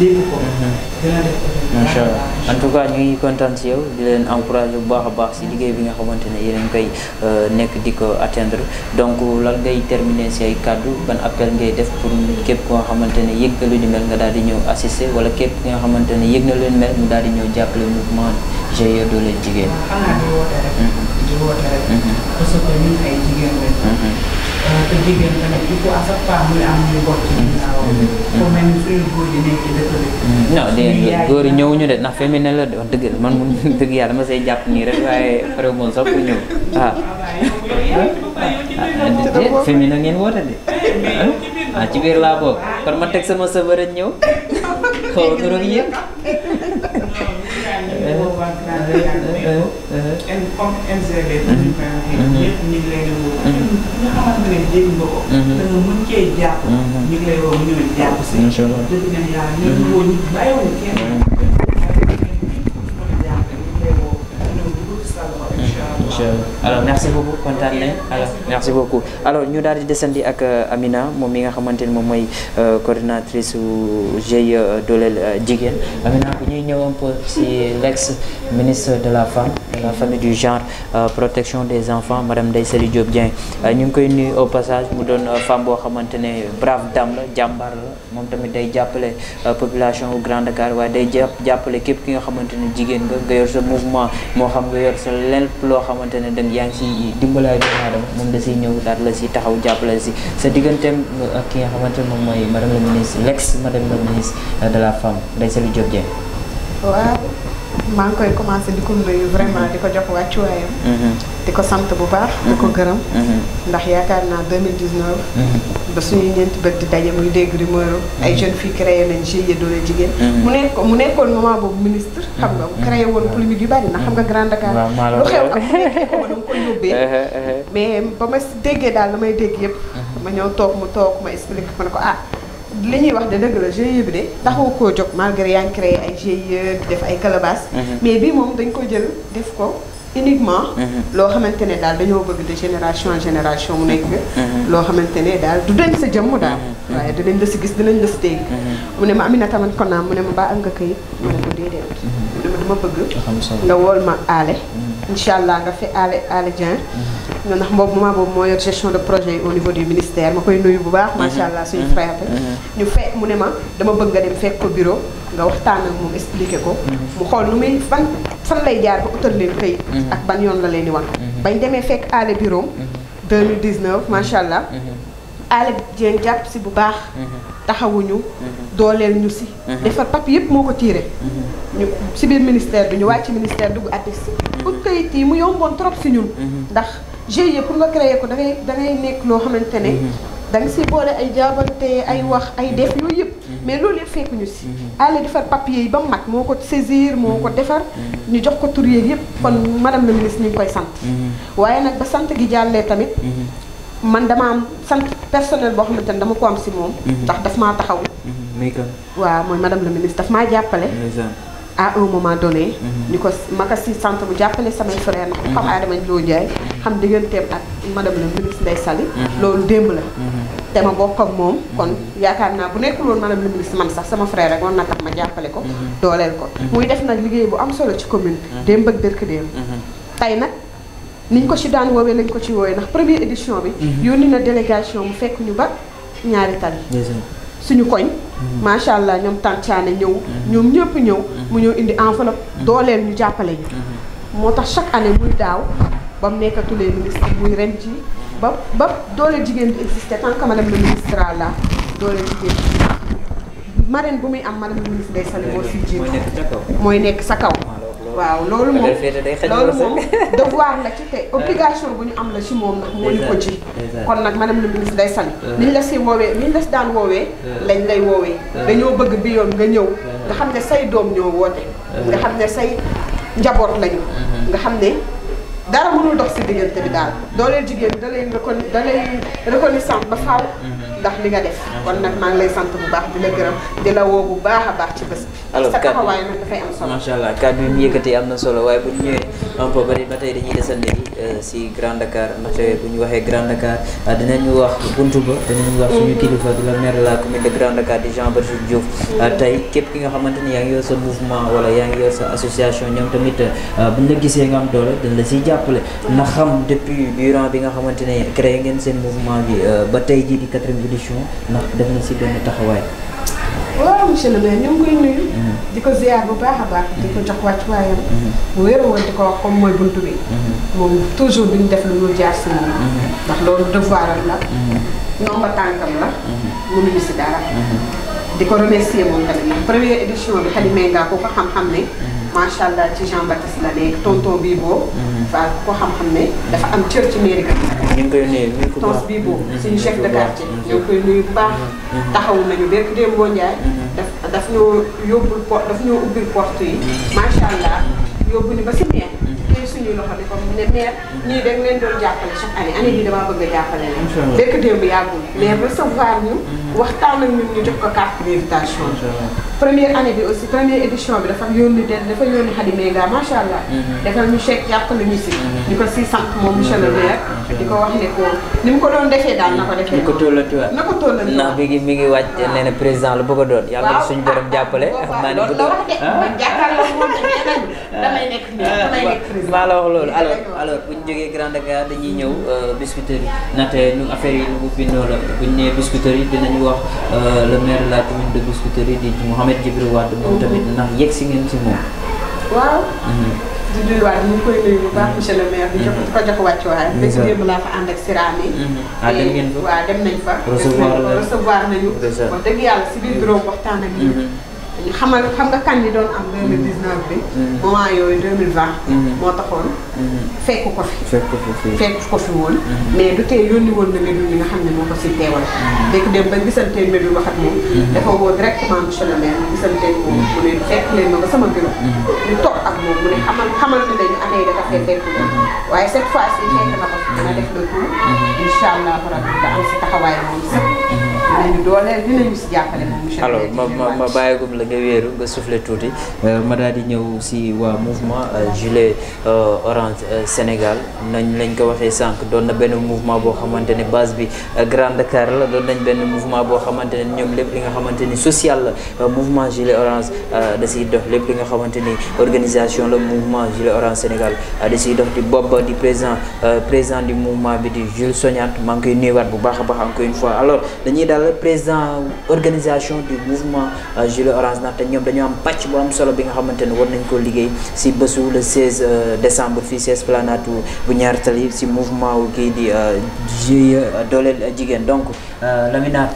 mhm. en tout cas ñu ngi kontaan si yow di leen encouragé bu baax a baax si liggéey bi nga xamante ne yéen koy euh, nekk di ko atteindre donc lan ngay terminer si ay kàddu ban appel ngay def pour képp ku nga xamante ne yëg na lu ni mel nga daal di ñëw assister wala képp ki nga xamante ne yëg na leen ni mel mu daal di ñëw jàppale mouvement GIE Doolel Jigéen. Mhm. jigéen Eh, te jigéen tamit il ñu mm. Mm. yi nekk de mm. góor yi de ndax féminin la de wax man moom dëgg yàlla ma see jàpp nii rek waaye pare moom sax pour ñëw waaw. ah, ah eh, féminin ngeen woote de ah ci biir laa bokk kon ma teg sama sëbërëj ñëw xaw ma dërëm woo eh, waa Grand eh, eh, mm-hmm. Dakar mm-hmm. mm-hmm. si alors merci beaucoup kontaan nañ alors merci beaucoup alors ñu daal di desandi ak euh, Amina moom mi nga xamante ni moom mooy euh, coordinatrice su GIE euh, dooleel jigéen Amina bu ñuy ñëw un peu si l'ex ministre de la femme de la famille du genre protection des enfants madame Ndeye Saly Diop Dieng ñu ngi koy nuyu au passage mu doon femme boo xamante ne brave dame la jàmbaar moom tamit day jàppale population au Grand Dakar waaye day jàppale képp ki nga xamante ne jigéen nga nga yor sa mouvement moo xam nga yor sa lépp loo xamante ne yaa ngi si dimbalaayu doomu aadama moom da siy ñëw daal la si taxaw jàppale si sa digganteem ak ki nga xamante moom mooy madame la ministre l'ex madame la ministre de la femme Ndèye sa Diop Dieng waaw maa ngi koy commencé di ko nuyu vraiment di ko jox wàccuwaayam. Mhm. di ko sant bu baax. di ko mhm. gërëm. Mhm. ndax yaakaar naa 2019. ba suñuy ñeenti bët di daje muy dégg rumeur ay jeunes filles créé nañ GIE doole jigéen. mu nekk mu nekkoon moment boobu ministre. xam nga mu créé woon polémique yu bari na xam nga Grand Dakar. lu xew am nekk ko da nga koy yóbbee. mais ba ma déggee daal la may dégg yëpp. ma ñëw toog mu toog ma explique ma ne ko ah. li ñuy wax de dëgg la GIE bi de taxaw koo jóg malgré yaa ay GIE di def ay calebasses. Mhm. mais bi moom dañ ko jël def ko uniquement. Mhm. loo xamante ne daal dañoo bëgg de génération en génération mu nekk. Mhm. loo xamante ne daal du dem sa jëmm daal. waaye dinañ la si gis dinañ la si dégg. mu ne ma na man kon naa mu ne ma baa am nga këyit mu ne ma déedéet. mu ne ma dama bëgg. nga wool ma aale. allah nga fi aale aale Dieng. ndax boobu moment boobu moo yor gestion de projet au niveau du ministère ma koy nuyu bu baax. macha mhm. allah suñu mhm. frère mhm. ñu fekk mu ne ma dama bëgg nga dem fekk ko bureau nga waxtaan ak moom expliqué ko. mu xool nu muy fan fan lay jaar ba utal leen këyit. ak ban yoon la leen di wan. bañ demee fekk aale bureau 2019 macha allah. Aly Dieng jàpp si bu baax. Mhm. taxawuñu. Mhm. dooleel ñu si. Mhm. defar papier yëpp moo ko tiire. ñu si biir ministère bi ñu wàcc ministère dugg APEX. pour kayit yi mu yomboon trop si ñun. ndax GIE pour nga créer ko da da ngay nekk loo xamante ne. da nga si boole ay jaabante ay wax ay def yooyu yëpp. mais loolu yëpp fekkuñu si. Aly defar papier yi ba mu mat moo ko saisir moo ko defar. ñu jox ko tur yeeg yëpp kon madame la ministre ñu ngi koy sant. waaye nag ba sant gi jàllee tamit. man dama am sant personnel boo xamante ne dama ko am si moom. Mhm. ndax daf maa taxaw. Mhm. muy waaw mooy madame la ministre daf maa jàppale. à un moment donné. ñu mhm. ko ma ko si sant bu jàppale samay frère na ku xam Adama Ndiou jaay xam digganteem ak madame la ministre Ndeye Saly. loolu démb la. te ma bokk ak moom. kon yaakaar naa bu nekkul woon madame la ministre man sax sama frère rek war na tax ma jàppale ko. dooleel ko. muy def nag liggéey bu am solo ci commune démb ak dëkk démb. tey nag. niñ ko ci daan woowee lañ ko ci woowee ndax première édition bi. Mhm. yónni na délégation mu fekk ñu ba ñaari tali. suñu koñ. Mhm. macha allah ñoom tàncaane ñëw. Mhm. ñoom ñëpp ñëw. mu ñëw indi enveloppe dooleel ñu jàppale ñu. moo tax chaque année muy daaw ba mu nekkatulee ministre muy ren ji ba ba dooleel jigéen di existé tant que madame la ministre la dooleel jigéen marraine bu muy am madame la ministre day sali si jiitu mooy nekk sa kaw. waaw loolu moom loolu moom devoir la ci te obligation bu ñu am la ci moom moo ñu ko ci kon nag madame le ministre day sant niñ la si woowee niñ la si daan woowee lañ lay woowee dañoo bëgg bi yoon nga ñëw nga xam ne say doom ñoo woote nga xam ne say njaboot lañu mm-hmm. nga xam ne dara mënul dox si diggante bi daal mm-hmm. dooleel jigéen da lay da lay reconnaissance ba faaw mm-hmm. ndax li nga def kon nag maa ngi lay sant bu baax di la gërëm di la woo bu baax a baax ci alors sa taxawaay nag dafay am na solo waaye bu ñu ñëwee un peu bari ba tey dañuy euh, si Grand Dakar bu ñu waxee Grand Dakar euh, dinañu wax buntu ba dinañu suñu mm. kilifa di la commune de Grand Dakar di euh, mm. tey képp ki nga xamante ni yaa ngi yor sa mouvement wala yaa association ñoom tamit bu ñu la gisee nga am doole la siy jàppale na xam depuis bi nga xamante ne créé ngeen seen mouvement bi ba tey jii di édition ndax monsieur le mhm. di ko ziar bu baax a baax. Mhm. di ko jox wàccuwaayam. bu mhm. wér woon di ko wax bi. moom toujours duñ def lu ñu jaar si ndax la. ñoom tànkam la. mënuñu di ko remercier moom tamit ndax première édition bi xalimee ngaa ko ko xam-xam ne. macha allah ci Jean Baptiste la nekk tonton bii boo. fa ko xam-xam ne dafa am cër ci mairie ñu ngi koy nuyu nuyu ko tos bii boobu suñu chef de quartier ñu ngi koy nuyu bu baax taxawu nañu bépp démboo njaay daf daf ñoo yóbbul po daf ñoo ubbil porte yi macha allah yóbbu ni ba si meer tey suñuy loxo di comme ne meer ñii dañ leen doon jàppale chaque année a jàppale leen bépp démb yàggul ñu waxtaan ak ñun ñu jox ko carte d'invitation bi aussi première bi dafa yónni den dafa méga macha allah defal ñu chèque jàppale ñu si ñu ko si sant moom monsieur le maire di ko ko ni mu ko doon defee daal na ko defee. na ko tollantiwaat na ko ndax mi ngi mi ngi wàcc nee président la bëgg doon. yàlla na suñu borom jàppale. xam ah. ah. maa la wax loolu alors alors buñ ñu jógee Grand Dakar dañuy ñëw euh, biscuiterie ndaxte ñu affaire yi nu mu bindoo la bu ñu nee biscuiterie dinañu wax euh, le maire de la commune de biscuiterie di Mouhamed Djibril Wade moom tamit ndax yegg si ngeen si moom. di nuyuwaat ñu ngi koy nuyu baax monsieur le maire. di jox mm-hmm. ko jox wàccuwaay. dëgg mm-hmm. la démb laa fa ànd ak siraam yi. Mm-hmm. ah dem ngeen fa waaw dem nañ fa. recevoir nañu recevoir nañu. wax dëgg yàlla si biir xam nga kan yi doon am. 2019 bi. Mm-hmm. moment yooyu 2020. Mm-hmm. moo taxoon. Mm-hmm. fekk ko fi. fekk ko fi fekk ko woon. mais du tee yónni woon na Médoune mi nga xam ne moo ko si teewal. dégg dem ba gisantee Médoune wax ak moom. dafa woo directement monsieur le maire gisantee ko. mu ne fekk leen ma ba sama bureau. ñu toog ak moom mu ne xamal xamal na leen année dafa fee fekk ko. waaye cette fois ci fekk na ko dana def le tout. incha allah rabbi da am taxawaay moom sax. dinañu dooleel dinañu si jàppale moom monsieur alors ma ma ma bàyyigum la nga wéeru nga soufflé tuuti euh, ma daal ñëw si waa mouvement euh, gilet euh, orange Sénégal nañ lañ ko waxee sànq doon na benn mouvement boo xamante ne base bi Grand Dakar la doon nañ benn mouvement boo xamante ne ñoom lépp li nga xamante ni social la mouvement gilet orange da siy dox lépp li nga xamante ni organisation la mouvement gilet orange Sénégal da si dox di bopp di président président du mouvement bi di Jules Sognane maa ngi koy nuyuwaat bu baax a baax encore une fois Diallo président organisation du mouvement euh, Gilet Orange ndaxte ñoom dañoo am pàcc bu am solo bi nga xamante ne war nañ ko liggéey si bésu le 16 euh, décembre fii si esplanade bu ñaari tali si mouvement wu kii di euh, GIE dooleel jigéen donc Lamina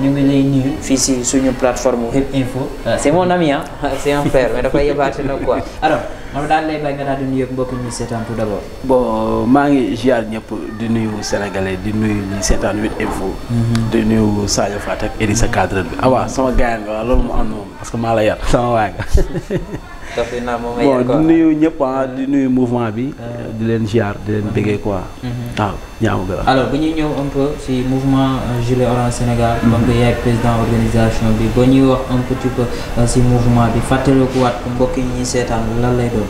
ñu ngi lay nuyu fii si suñu plateforme Web Info c'est mon ami ah c'est un frère mais dafay yëbaate na quoi alors moom daal lay bay nga daal di nuyu mbokk ñi seetaan tout d'abord. bon maa ngi ziar ñëpp di nuyu sénégalais di nuyu ñi seetaan 8info. Mhm. di nuyu Sadio Fat ak Idrissa cadre bi ah waaw sama gars nga waaw loolu mu am noonu parce maa la yar sama waay nga. bon di nuyu ñëpp ah, ah di nuyu mouvement bi. Ah. Euh, di leen giar di leen bëggee quoi. Mm-hmm. waaw ñaaw gën a. alors bu ñuy ñëw un peu ci mouvement euh, gilet orange Sénégal. Mm-hmm. donc yaay président organisation bi ba ñuy wax un petit peu euh, ci mouvement bi fàttalikuwaat mbokk yi ñuy seetaan lan lay doon.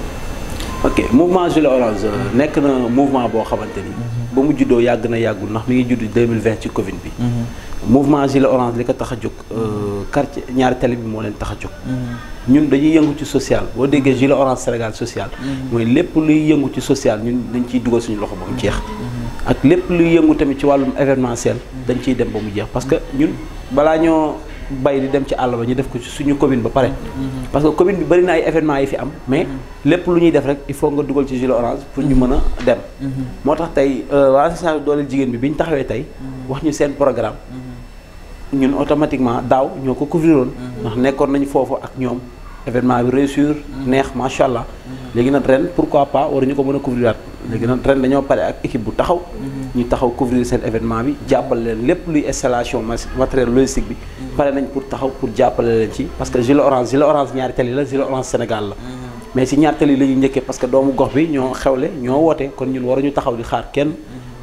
ok mouvement Gilet orange euh, nekk na mouvement boo xamante ni. Mhm. ba mu juddoo yàgg na yàggul ndax mi ngi judd 2020 ci Covid bi. Mhm. mouvement Gilet orange li ko tax a jóg euh, quartier ñaari télé bi moo leen tax a jóg. Mhm. ñun dañuy yëngu ci social boo déggee Gilet orange Sénégal social. mooy lépp luy yëngu ci social ñun dañ ciy dugal suñu loxo ba mu jeex. ak lépp luy yëngu tamit ci wàllum événementiel. dañ ciy dem ba mu jeex parce que ñun balaa ñoo. bay di dem ci àll ba ñu def ko ci suñu commune ba pare. parce que commune bi bari na ay événements yi fi am. mais lépp lu ñuy def rek il faut nga dugal ci gilet orange pour ñu mën a dem. moo tax tey euh, waa association dooleel jigéen bi bi ñu taxawee tey. wax ñu seen programme. ñun automatiquement daaw ñoo ko couvrir woon. ndax nekkoon nañu foofu ak ñoom événement bi réussir. neex macha allah. léegi nag ren pourquoi pas ñu ko mën a léegi nag ren dañoo pare ak équipe bu taxaw. Mhm. ñu taxaw couvrir seen événement bi jàppale leen lépp luy installation matériel logistique bi. Mhm. pare nañ pour taxaw pour jàppale leen ci parce que gilet orange gilet orange ñaari tali la gilet orange Sénégal la. Mhm. mais ci ñaari tali la njëkkee parce que doomu gox bi ñoo xewle ñoo woote kon ñun ñu taxaw di xaar kenn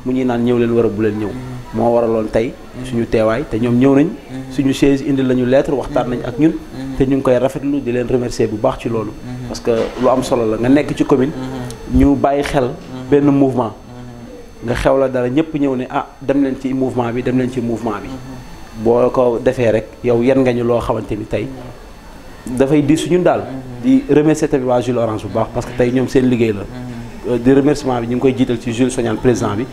mu ñuy naan ñëw leen wara bu leen ñëw. moo waraloon tey suñu teewaay te ñoom ñëw nañ suñu chaise indi lañu lettre waxtaan nañ ak ñun te ñu ngi koy rafetlu di leen remercier bu baax ci loolu parce que lu am solo la nga nekk ci commune ñu bàyyi xel benn mouvement nga xew la dara ñëpp ñëw ne ah dem leen ci mouvement bi dem leen ci mouvement bi boo ko defee rek yow yan nga ñu loo xamante ni tey dafay su suñu daal di remercier tamit waa Jules Orange bu baax parce que tey ñoom seen liggéey la di remerciement bi ñu ngi koy jiital ci Jules Sognane président bi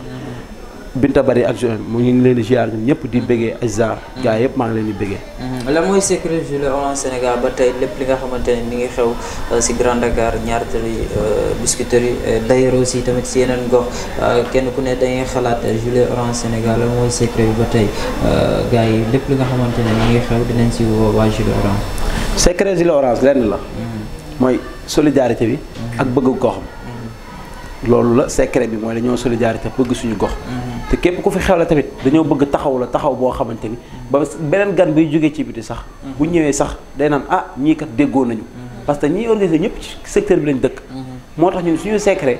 Binta Bari ak Joël mu ngi leen di ziar ñun ñëpp di bëggee Aziza. Mm-hmm. gars yëpp maa ngi leen di bëggee. Mm-hmm. la mooy secret jule Orange Sénégal ba tey lépp li nga xamante ne mi ngi xew si euh, Grand Dakar ñaari tali euh, Biscuiterie euh, d'ailleurs aussi tamit si yeneen gox kenn ku ne dañuy xalaat jule Orange Sénégal la mooy secret bi ba tey gars yi lépp li nga xamante ne mi ngi xew dinañ si woo waa jule Orange. secret jule Orange lenn la. Mm-hmm. mooy solidarité bi. ak bëgg goxam. loolu la secret bi mooy dañoo solidarité bëgg suñu gox. Mhm. te képp ku fi xew la tamit dañoo bëgg taxaw la taxaw boo xamante ni ba beneen gan buy jógee ci biti sax. Mhm. bu ñëwee sax day naan ah ñii kat déggoo nañu. Mhm. parce que ñiy organisé ñëpp ci secteur bi lañ dëkk. moo tax ñun suñu secret.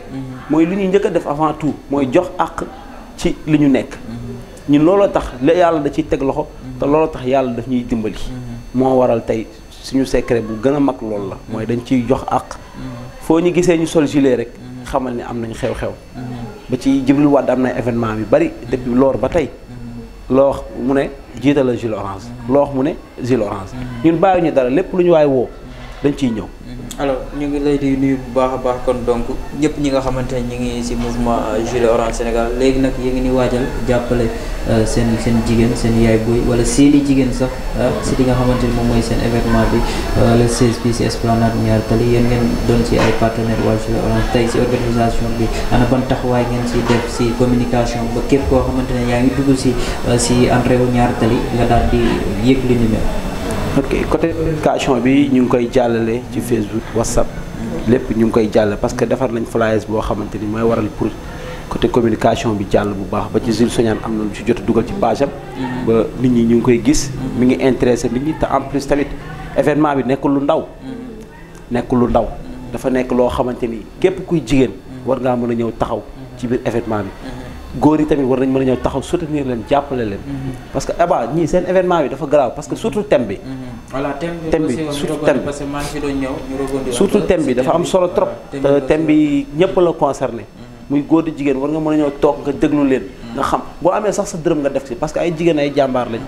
mooy li ñuy njëkk a def avant tout mooy jox àq ci li ñu nekk. ñun loolu tax la da ciy teg te looloo tax yàlla daf ñuy dimbali. moo waral tey suñu secret bu gën a mag loolu la. mooy dañ ciy jox àq. foo ñu gisee ñu sol rek. xamal ni am nañ xew-xew. ba ci jibluwaat Wade am na événement yu bari depuis loor ba tey. loox mu ne jiital la jus orange. loox mu ne jus orange. ñun bàyyi ñu dara lépp lu ñu waay woo dañ ciy ñëw. alors ñu ngi lay di nuyu bu baax a baax kon donc ñëpp ñi nga xamante ne ñu ngi ci mouvement Gilet euh, Orange Sénégal léegi nag yéen ngi ni waajal jàppale euh, seen seen jigéen seen yaay booy wala seeni jigéen sax si euh, li nga xamante ni moom mooy seen événement bi le 16 bi ci Esplanade Niary Tally yéen ngeen doon ci ay partenaire waa Gilet Orange tey ci organisation bi ana ban taxawaay ngeen ci def ci communication ba képp koo xamante ne yaa ngi dugg ci ci entrée wu Niary Tally nga daal di yëg ok côté communication bi ñu ngi koy jàllale ci Facebook WhatsApp lépp ñu ngi koy jàll parce que defar nañ flyers boo xamante ni mooy waral pour côté communication bi jàll bu baax ba ci Jules Sognane am na lu ci jot dugal ci page ba nit ñi ñu ngi koy gis mi ngi intéressé nit ñi te en plus tamit événement bi nekkul lu ndaw nekkul lu ndaw dafa nekk loo xamante ni képp kuy jigéen war ngaa mën a ñëw taxaw ci biir événement bi góor yi tamit war nañ mën a ñëw taxaw soutenir leen jàppale leen. Mm-hmm. parce que Aba que surtout thème bi. Mm-hmm. voilà thème bi surtout thème bi parce que maa ngi si doon ñëw. bi dafa am solo trop. te euh, thème bi ñëpp la concerné. Mm-hmm. muy góor di jigéen war nga mën a ñëw toog nga déglu leen. nga xam boo amee sax sa dërëm nga def si parce que ay jigéen ay jàmbaar lañ.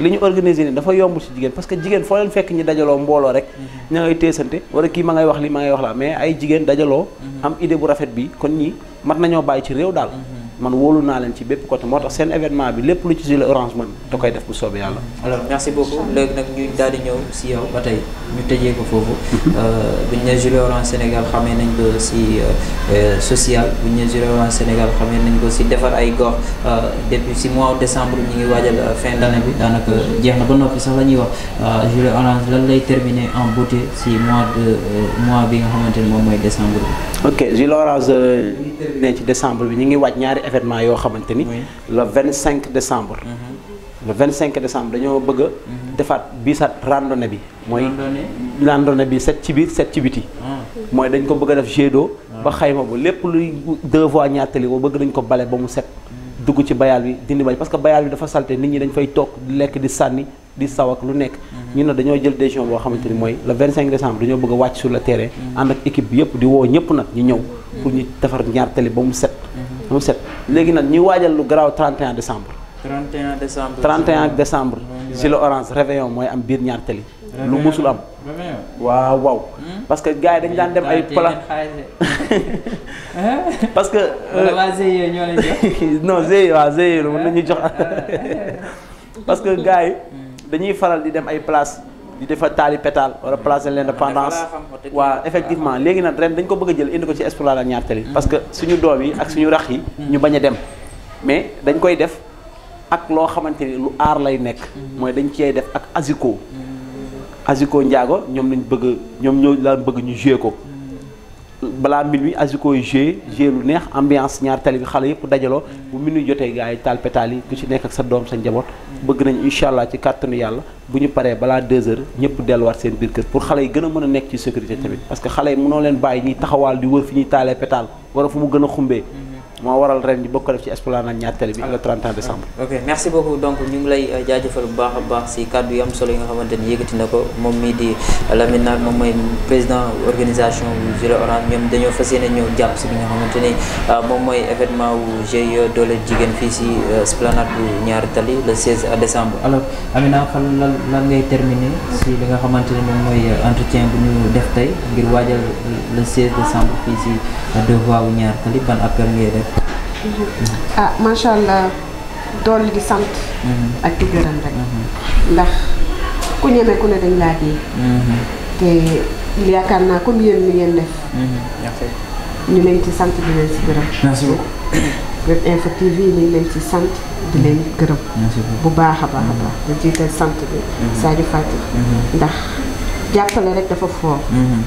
li ñu organisé nii dafa yombul ci jigéen parce que jigéen foo leen fekk ñi dajaloo mbooloo rek ña ngay teesante wala kii ma ngay wax li ma ngay wax la mais ay jigéen dajaloo am idée bu rafet bi kon ñi mat nañoo bàyyi ci réew daal man wóolu naa leen ci bépp côté moo tax seen événement bi lépp lu ci jule orange man da koy def bu soobee yàlla. alors merci beaucoup léegi nag ñu daal ñëw si yow ba tey ñu tëjee ko foofu. Euh, bu ñu nee jule euh, orange Sénégal xamee nañ ko si defar ay gox euh, depuis si mois décembre ñu ngi waajal fin d'année bi daanaka jeex na ba noppi sax la ñuy wax jule orange lan lay en beauté si mois de mois bi nga xamante ne moom mooy décembre bi. bi ñu ngi waaj ñaari événement yoo xamante ni. le 25 décembre. Mhm. le 25 décembre dañoo bëgg a. Mhm. defaat biisaat randonnée bi. mooy randonnée bi set ci biir set ci biti. Ah. mooy dañ ko bëgg def jet ah. ba xayma bu lépp luy deux voies ñaatali ba bëgg nañ ko bale ba mu set. Mm. dugg ci bayaal bi dindi bañ parce que bayaal bi dafa salte nit ñi dañ fay toog di lekk di sànni di saw ak lu nekk. Mm-hmm. ñu ne dañoo jël décision boo xamante ni mooy le 25 décembre dañoo bëgg a wàcc sur le terrain. Mm. ànd ak équipe bi yëpp di woo ñëpp nag ñu ñëw. Mm. pour ñu defar ñaar mu set léegi nag ñuy waajal lu garaaw 31 décembre. 31 décembre 31 décembre. si la orange réveillon mooy am biir ñaar tali. lu musul am. waaw waaw. Hmm? parce que gars yi dañu daan dem ay. pla parce que. wala euh, waa GIE waa GIE la mën jox parce que gars yi hmm. dañuy faral di dem ay place di defa taali pétale wala place de l'indépendance waa effectivement léegi nag ren dañ ko bëgg jël indi ko ci Esplanade ak Niary Tally hmm. parce que suñu doom yi ak suñu rax yi hmm. ñu bañ dem mais dañ koy def ak loo xamante ni lu aar lay nekk hmm. mooy dañ cee def ak Azico Azico Ndiago ñoom lañ bëgg ñoom ñoo laan bëgg ñu joué ko balaa mbir mi asiko jeu jeu lu neex ambiance ñaar tali bi xale yëpp dajaloo bu minu jotee gars yi taal pétaal yi ku ci nekk ak sa doom sa njaboot bëgg nañ incha allah ci kàttanu yàlla bu ñu paree balaa deux heures ñëpp delluwaat seen biir kër pour xale yi gën a mën a nekk ci sécurité tamit parce que xale yi mënoo leen bàyyi ñuy taxawaal di wër fi ñuy taalee pétaal wala fu mu gën xumbee moo waral ren ñu bëgg ko def ci esplanade ñaar télé bi le 31 décembre. ok merci beaucoup donc ñu ngi lay euh, a baax si kàddu yu am solo na ko moom mii di euh, Lamine Nar moom mooy président organisation bu Gilet Orange ñoom dañoo jàpp si li xamante ni euh, moom mooy événement wu GIE doole jigéen fii si esplanade bu ñaar télé le 16 décembre. alors Amina fan lan lan ngay terminer si li nga xamante ni moom mooy entretien bu ñu def tey ngir waajal le 16 décembre fii si Deux Voies wu ñaar télé ban appel ngay def. ah macha allah dolli di sant. Mm-hmm. ak di gërëm rek. Mm-hmm. ndax ku ñeme ku ne dañ laa dee. Mm-hmm. te yaakaar naa comme yéen mi ngeen def. ñu leen ci sant di leen ci gërëm. merci beaucoup. Web ñu leen ci sant di leen gërëm. bu baax a baax a baax di jiital sant bi. Sadio Fatick. ndax jàppale rek dafa fort.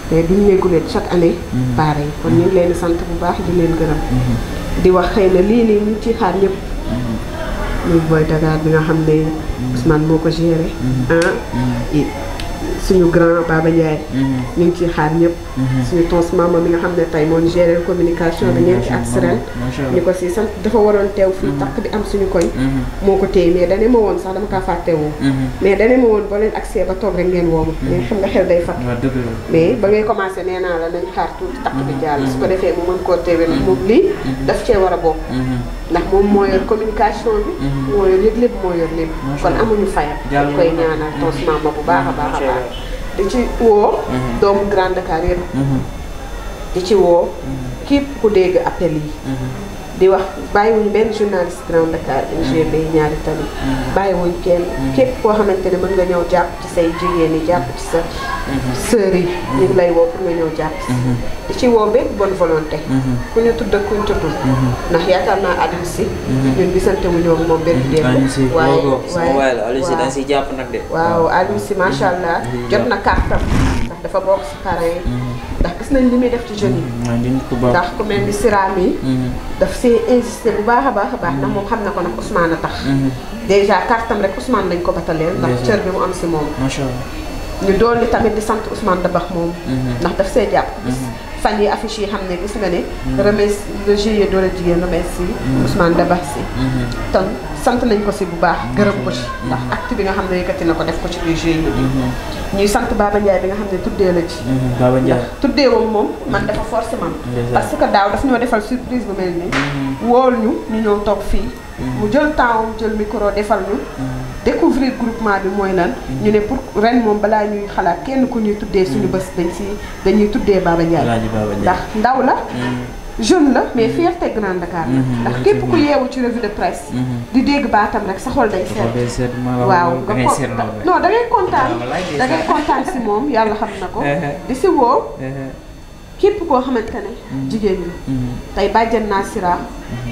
te duñ nekkulee chaque année. baare yi kon ñu leen sant bu baax di leen gërëm. di wax xëy na lii nii ñu ci xaar ñëpp. Mm-hmm. muy Boy Dakar bi nga xam ne mm-hmm. Ousmane moo ko géré. Mm-hmm. Ah. suñu grand Baba Ndiaye. Mhm. ñu ngi ciy xaar ñëpp. Mhm. suñu tons maama mi nga xam ne tey moo ñu communication bi ñeenti ak Sirel. ñu ko si sant dafa waroon teew fii mhm. takk di am suñu koñ. moo ko téye woon sax dama kaa fàtte woo. mais dane ma woon boo leen accès ba toog ngeen woo ma. mais xam nga xel ba ngay commencé nee naa la nañ xaar tuuti takk jàll. su ko defee mu mën koo teewee nag moom lii. daf cee war a bokk. ndax moom moo communication bi. moo yor lépp lépp moo yor lépp. kon amuñu fayam. dañ koy ñaanal tons maama bu baax a baax a baax di ci woo. Mhm. doomu Grand Dakar yëpp. Mhm. di ci woo. Mhm. képp ku dégg appel yi. di wax bàyyiwuñu benn journaliste Grand Dakar mm. UGB ñaari tali mm. bàyyiwuñ kenn mm. képp koo xamante ne mën nga ñëw jàpp ci say jigéen yi jàpp ci sa mm-hmm. sœur yi mm-hmm. lay woo pour nga ñëw jàpp si mm-hmm. di ci woo bépp bonne volonté ku ñu tudd ak ku ñu tuddul ndax yaakaar naa adim si ñun gisante wuñu ak moom benn démb waaye waaye waaw adim si macha allah jot na kàttam ndax dafa bokk si parents yi gis nañ li muy def ci jeunes yi. Mm, ndax ku mel ni Siraam mm-hmm. see insister bu baax a baax a baax ndax mm-hmm. moom xam na ko nag Ousmane a tax. Mm-hmm. dèjà kartam rek Ousmane lañ ko bataleel. ndax cër bi mu am si moom. macha allah ñu doon li tamit di sant Ousmane Dabax moom. ndax daf see jàpp. fan yi affiche yi xam ne gis nga ne. remercie le GIE Doole Jigéen remercie Ousmane Dabassi. ton sant nañ ko si bu baax. gërëm ko ci ndax acte bi nga xam ne yëkkati na ko def ko ci biir GIE bi. ñuy sant Baba Ndiaye bi nga xam ne tuddee la ci. Mhm, Baba Ndiaye ndax tuddee woon moom man dafa forcément parce que daaw daf ñoo defal surprise bu mel nii. Mhm. wool ñu ñu ñëw toog fii. mu jël temps jël micro defal ñu. découvrir groupement bi mooy lan. ñu ne pour ren moom balaa ñuy xalaat kenn ku ñuy tuddee suñu bés dañ si dañuy tuddee Baba Ndiaye. ndax ndaw la. Mm. jeune la mais fierté Grand Dakar la. Mm-hmm. ndax mm-hmm. képp ku mm-hmm. yeewu ci revue de presse. di dégg baatam rek sa xol seet. waaw nga ko non da kontaan da kontaan si moom yàlla xam na ko di si woo. Uh-huh. képp koo xamante ne jigéen ñi mm-hmm. tey bàjjen Nasira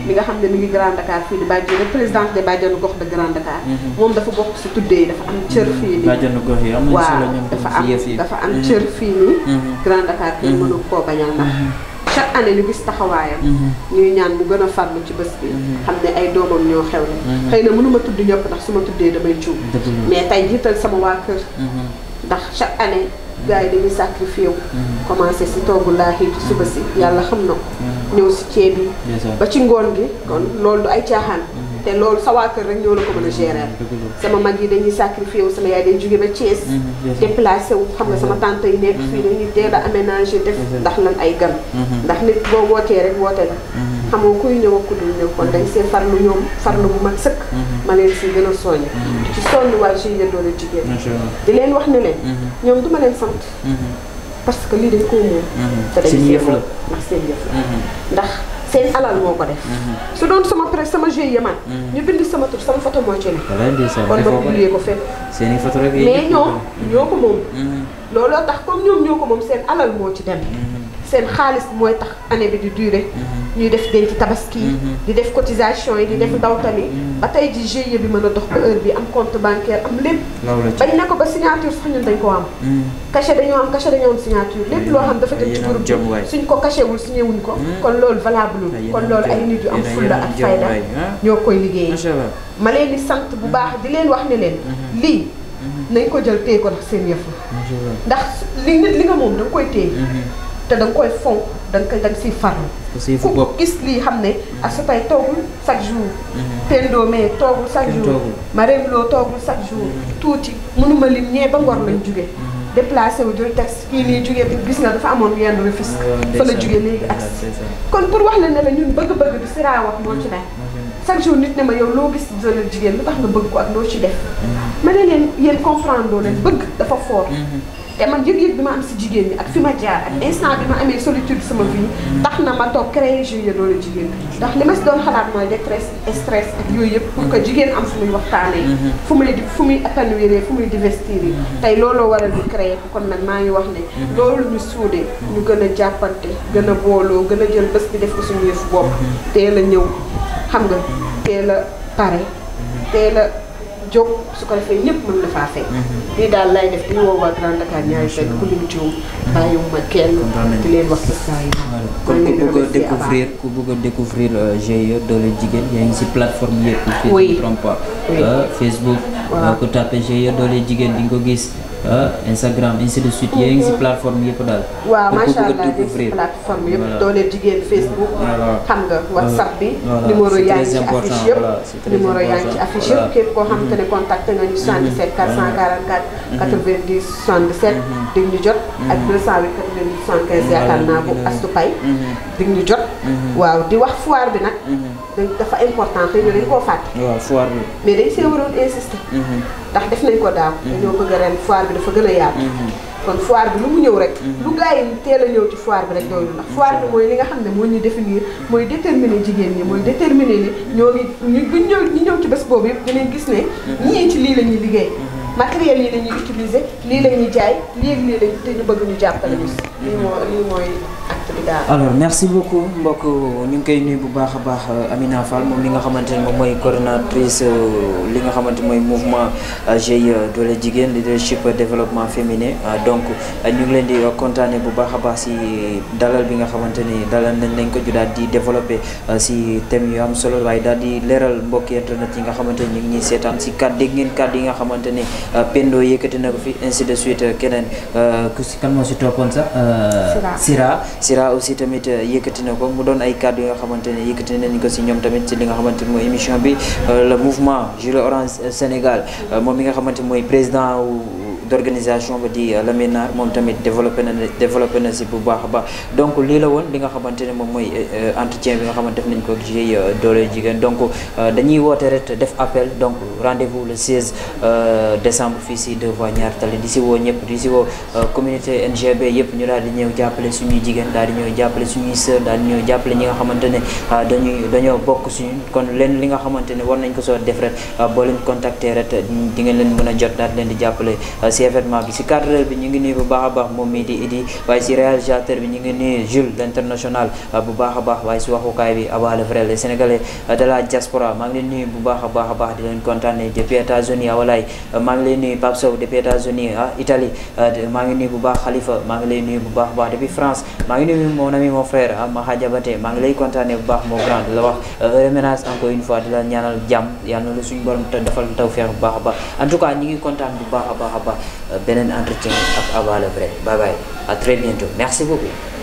mi nga xam ne mu ngi Grand Dakar fii di bàjjen représentant de bàjjenu gox da Grand Dakar mm-hmm. moom dafa bokk si tuddee dafa am cër fii nii mm-hmm. bàjjenu gox yi am waaw dafa am dafa am fii nii Grand Dakar fii mënu koo bañal na chaque année ñu gis taxawaayam ñuy ñaan mu gën a farlu ci bës bi xam ne ay doomam ñoo xew la xëy na mënuma tudd ñëpp ndax su ma tuddee damay cuub mais tey jiital sama waa kër ndax chaque année gars yi dañuy sacrifié wu. commencé si togg laa xiitu suba si yàlla xam na ko. ñëw si ceeb yi. ba ci ngoon gi kon loolu du ay caaxaan. Mhm. te loolu sa kër rek ñoo la ko mën a gérer. Mhm. sama mag yi dañuy sacrifié wu sama yaay day jóge ba Thiès. Mhm. déplacé wu xam nga sama tante yi nekk fii dañuy teel a aménagé def ndax lan ay gan. ndax nit boo wootee rek woote la. xam nga kuy ñëw ak ku dul ñëw kon dañ see farlu ñoom farlu bu mag sëkk. ma leen si gën a soññ. ci sonn waa GIE doole jigéen di leen wax ne leen mhm. ñoom duma leen sant mhm. parce que lii dañ koo moom mhm. te dañ seen yëf la ndax seen yëf la ndax seen alal moo ko def su doon sama presse sama GIE man ñu bind sama tur sama photo moo ci ne kon ma publier ko fépp seen photo rek mais ñoom ñoo ko moom looloo tax comme ñoom ñoo ko moom seen alal moo ci dem seen xaalis mooy tax année bi di durer. Mm-hmm. ñuy def denc tabaski yi. Mm-hmm. di def cotisation yi di def mm-hmm. ndawtal yi. ba tey ji GIE bi mën a dox ba heure bi am compte bancaire am lépp. bañ na ko ba signature sax ñun dañ ko am. cachet dañoo am cachet dañoo am signature lépp loo xam dafa dem ci groupe bi suñ ko caché wul signé ko. kon loolu valable ah, kon loolu ay nit yu am fulla ak fayda ah. ñoo koy liggéey. ma leen di sant bu baax di leen wax ne leen. lii. nañ ko jël téye ko ndax seen yëf te da nga koy fonk da nga koy da nga siy farlu. ku gis lii xam ne. Mm-hmm. ak su tey toogul chaque jour. Pendo mm-hmm. mais toogul chaque jour. Marème mm-hmm. loo toogul chaque jour. tuuti mënuma lim ñee ba ngor lañ jugee. déplacé wu jël tax kii nii jugee gis na dafa amoon yenn Rufisque. Ah, fa la jugee léegi ak ah, kon pour wax la ne la ñun bëgg-bëgg bi si raawat moo ci nekk. chaque jour nit ne ma yow loo gis jëlal jigéen lu tax nga bëgg ko ak loo ci def. ma ne leen yéen comprendre loo leen bëgg dafa fort. te man yëg-yëg bi ma am si jigéen ñi ak fi ma jaar ak instant bi ma amee solitude sama vie tax na ma toog créer Jeux doole jigéen ndax li ma si doon xalaat mooy détresse stress ak yooyu yëpp pour que jigéen am fu muy waxtaanee mm-hmm. fu muy di fu muy épanouir fu muy divestir yi tey looloo waral ñu créer ko kon nag maa ngi wax ne mm-hmm. loolu ñu suudee ñu gën a jàppante gën a booloo gën a jël bés bi def ko suñu yëfu bopp mm-hmm. teel a ñëw xam nga teel a pare teel a jóg su ko defee ñëpp mën na faa fekk. Mhm. lii daal lay def di woo waa Grand Dakar ñaari fekk ku mhm. kon ku bëgg découvrir ku bëgg a découvrir euh, GIE Dooley Jigéen yaa ngi si plateforme yëpp. si oui Facebook. Euh, waaw euh, ku tapé GIE Dooley Jigéen di ko gis. Instagram ainsi de suite yéen ngi si mhm. plateforme yëpp daal. waaw macha allah di si plateforme yëpp doole jigéen Facebook. xam nga WhatsApp bi. numéro yaa ngi ci affiche yëpp numéro yaa ngi ci xamante ne contacté nga ñu 77 444 90 77 di ñu jot mhm. ak 208 90 75 yaakaar naa bu Astou Paye mhm. di ñu jot mhm. waaw di wax foire bi nag dafa important te ñu dañ koo fàtte waaw foire bi mais dañ see waroon insister ndax def nañ ko daaw dañoo bëgg ren foire bi dafa gën a yaatu kon foire bi lu mu ñëw rek mhm. lu gars yi teel a ñëw ci foire bi rek doyul ndax mhm. foire bi mooy li nga xam ne moo ñu définir mooy déterminer jigéen ñi mooy déterminer ni ñoo ngi ñu ñëw ñi ñëw ci bés boobu yëpp dinañ gis ne mhm. ñii ci lii la ñuy liggéey matériel yi la utiliser lii la ñuy jaay lii ak lii bëgg ñu jàppale ñu lii mooy acte daal. beaucoup mbokk ñu ngi koy nuyu bu baax a baax euh, Amina Fall moom li nga xamante ne moom mooy coordonnatrice euh, li nga xamante mooy mouvement GIE euh, doole jigéen leadership développement féminin donc ñu ngi leen di kontaane bu baax a baax si dalal bi nga xamante ni dalal nañ lañ ko ju daal di développé si thème yu am solo waaye daal di leeral mbokki internet yi nga xamante ni ñu ngi ñuy seetaan si kàddu dégg ngeen kàddu yi nga xamante ni. Euh, Pendo yëkkati na ko fi ainsi de suite euh, keneen euh, ku si kan moo si toppoon sax. Sira Sira aussi tamit yëkkati na ko mu doon ay kàddu yi nga xamante ne yëkkati nañ ko si ñoom tamit si li nga xamante ne mooy émission bi le mouvement Gilet Orange Sénégal moom mi nga xamante mooy président d'organisation ba di euh, Lamine moom tamit développé na développé na si bu baax a baax donc lii li nga xamante ne moom mooy euh, entretien bi nga xamante def nañ ko ci euh, doole jigéen donc dañuy woote rek def appel donc rendez-vous le 16 décembre fii si deux voies ñaar tali di si woo ñëpp di si woo communauté NGB yëpp ñu daal di ñëw jàppale suñuy jigéen daal di ñëw jàppale suñuy sœur daal di ñëw jàppale ñi nga xamante ne dañuy dañoo bokk suñu kon leen li nga xamante ne war nañ ko soo def rek boo leen contacter rek di ngeen leen mën a jot daal leen di jàppale si événement bi si cadreur bi ñu ngi nuyu bu baax a baax moom mii di Idi waaye si réalisateur bi ñu ngi nuyu Jules l'international ah, bu baax a baax waaye si waxukaay bi a baax a baax di leen kontaane depuis états ah, maa ngi leen nuyu bu baax a baax depuis France maa ngi nuyu mon ami mon frère ah Maha Diabaté maa ngi lay kontaane bu baax moo grand la wax euh, reménage encore une fois di ñaanal jàmm yàlla la suñu borom te defal taw feex bu baax a baax en a Euh, beneen entretien ak Aba le vrai bye bye à très bientôt merci beaucoup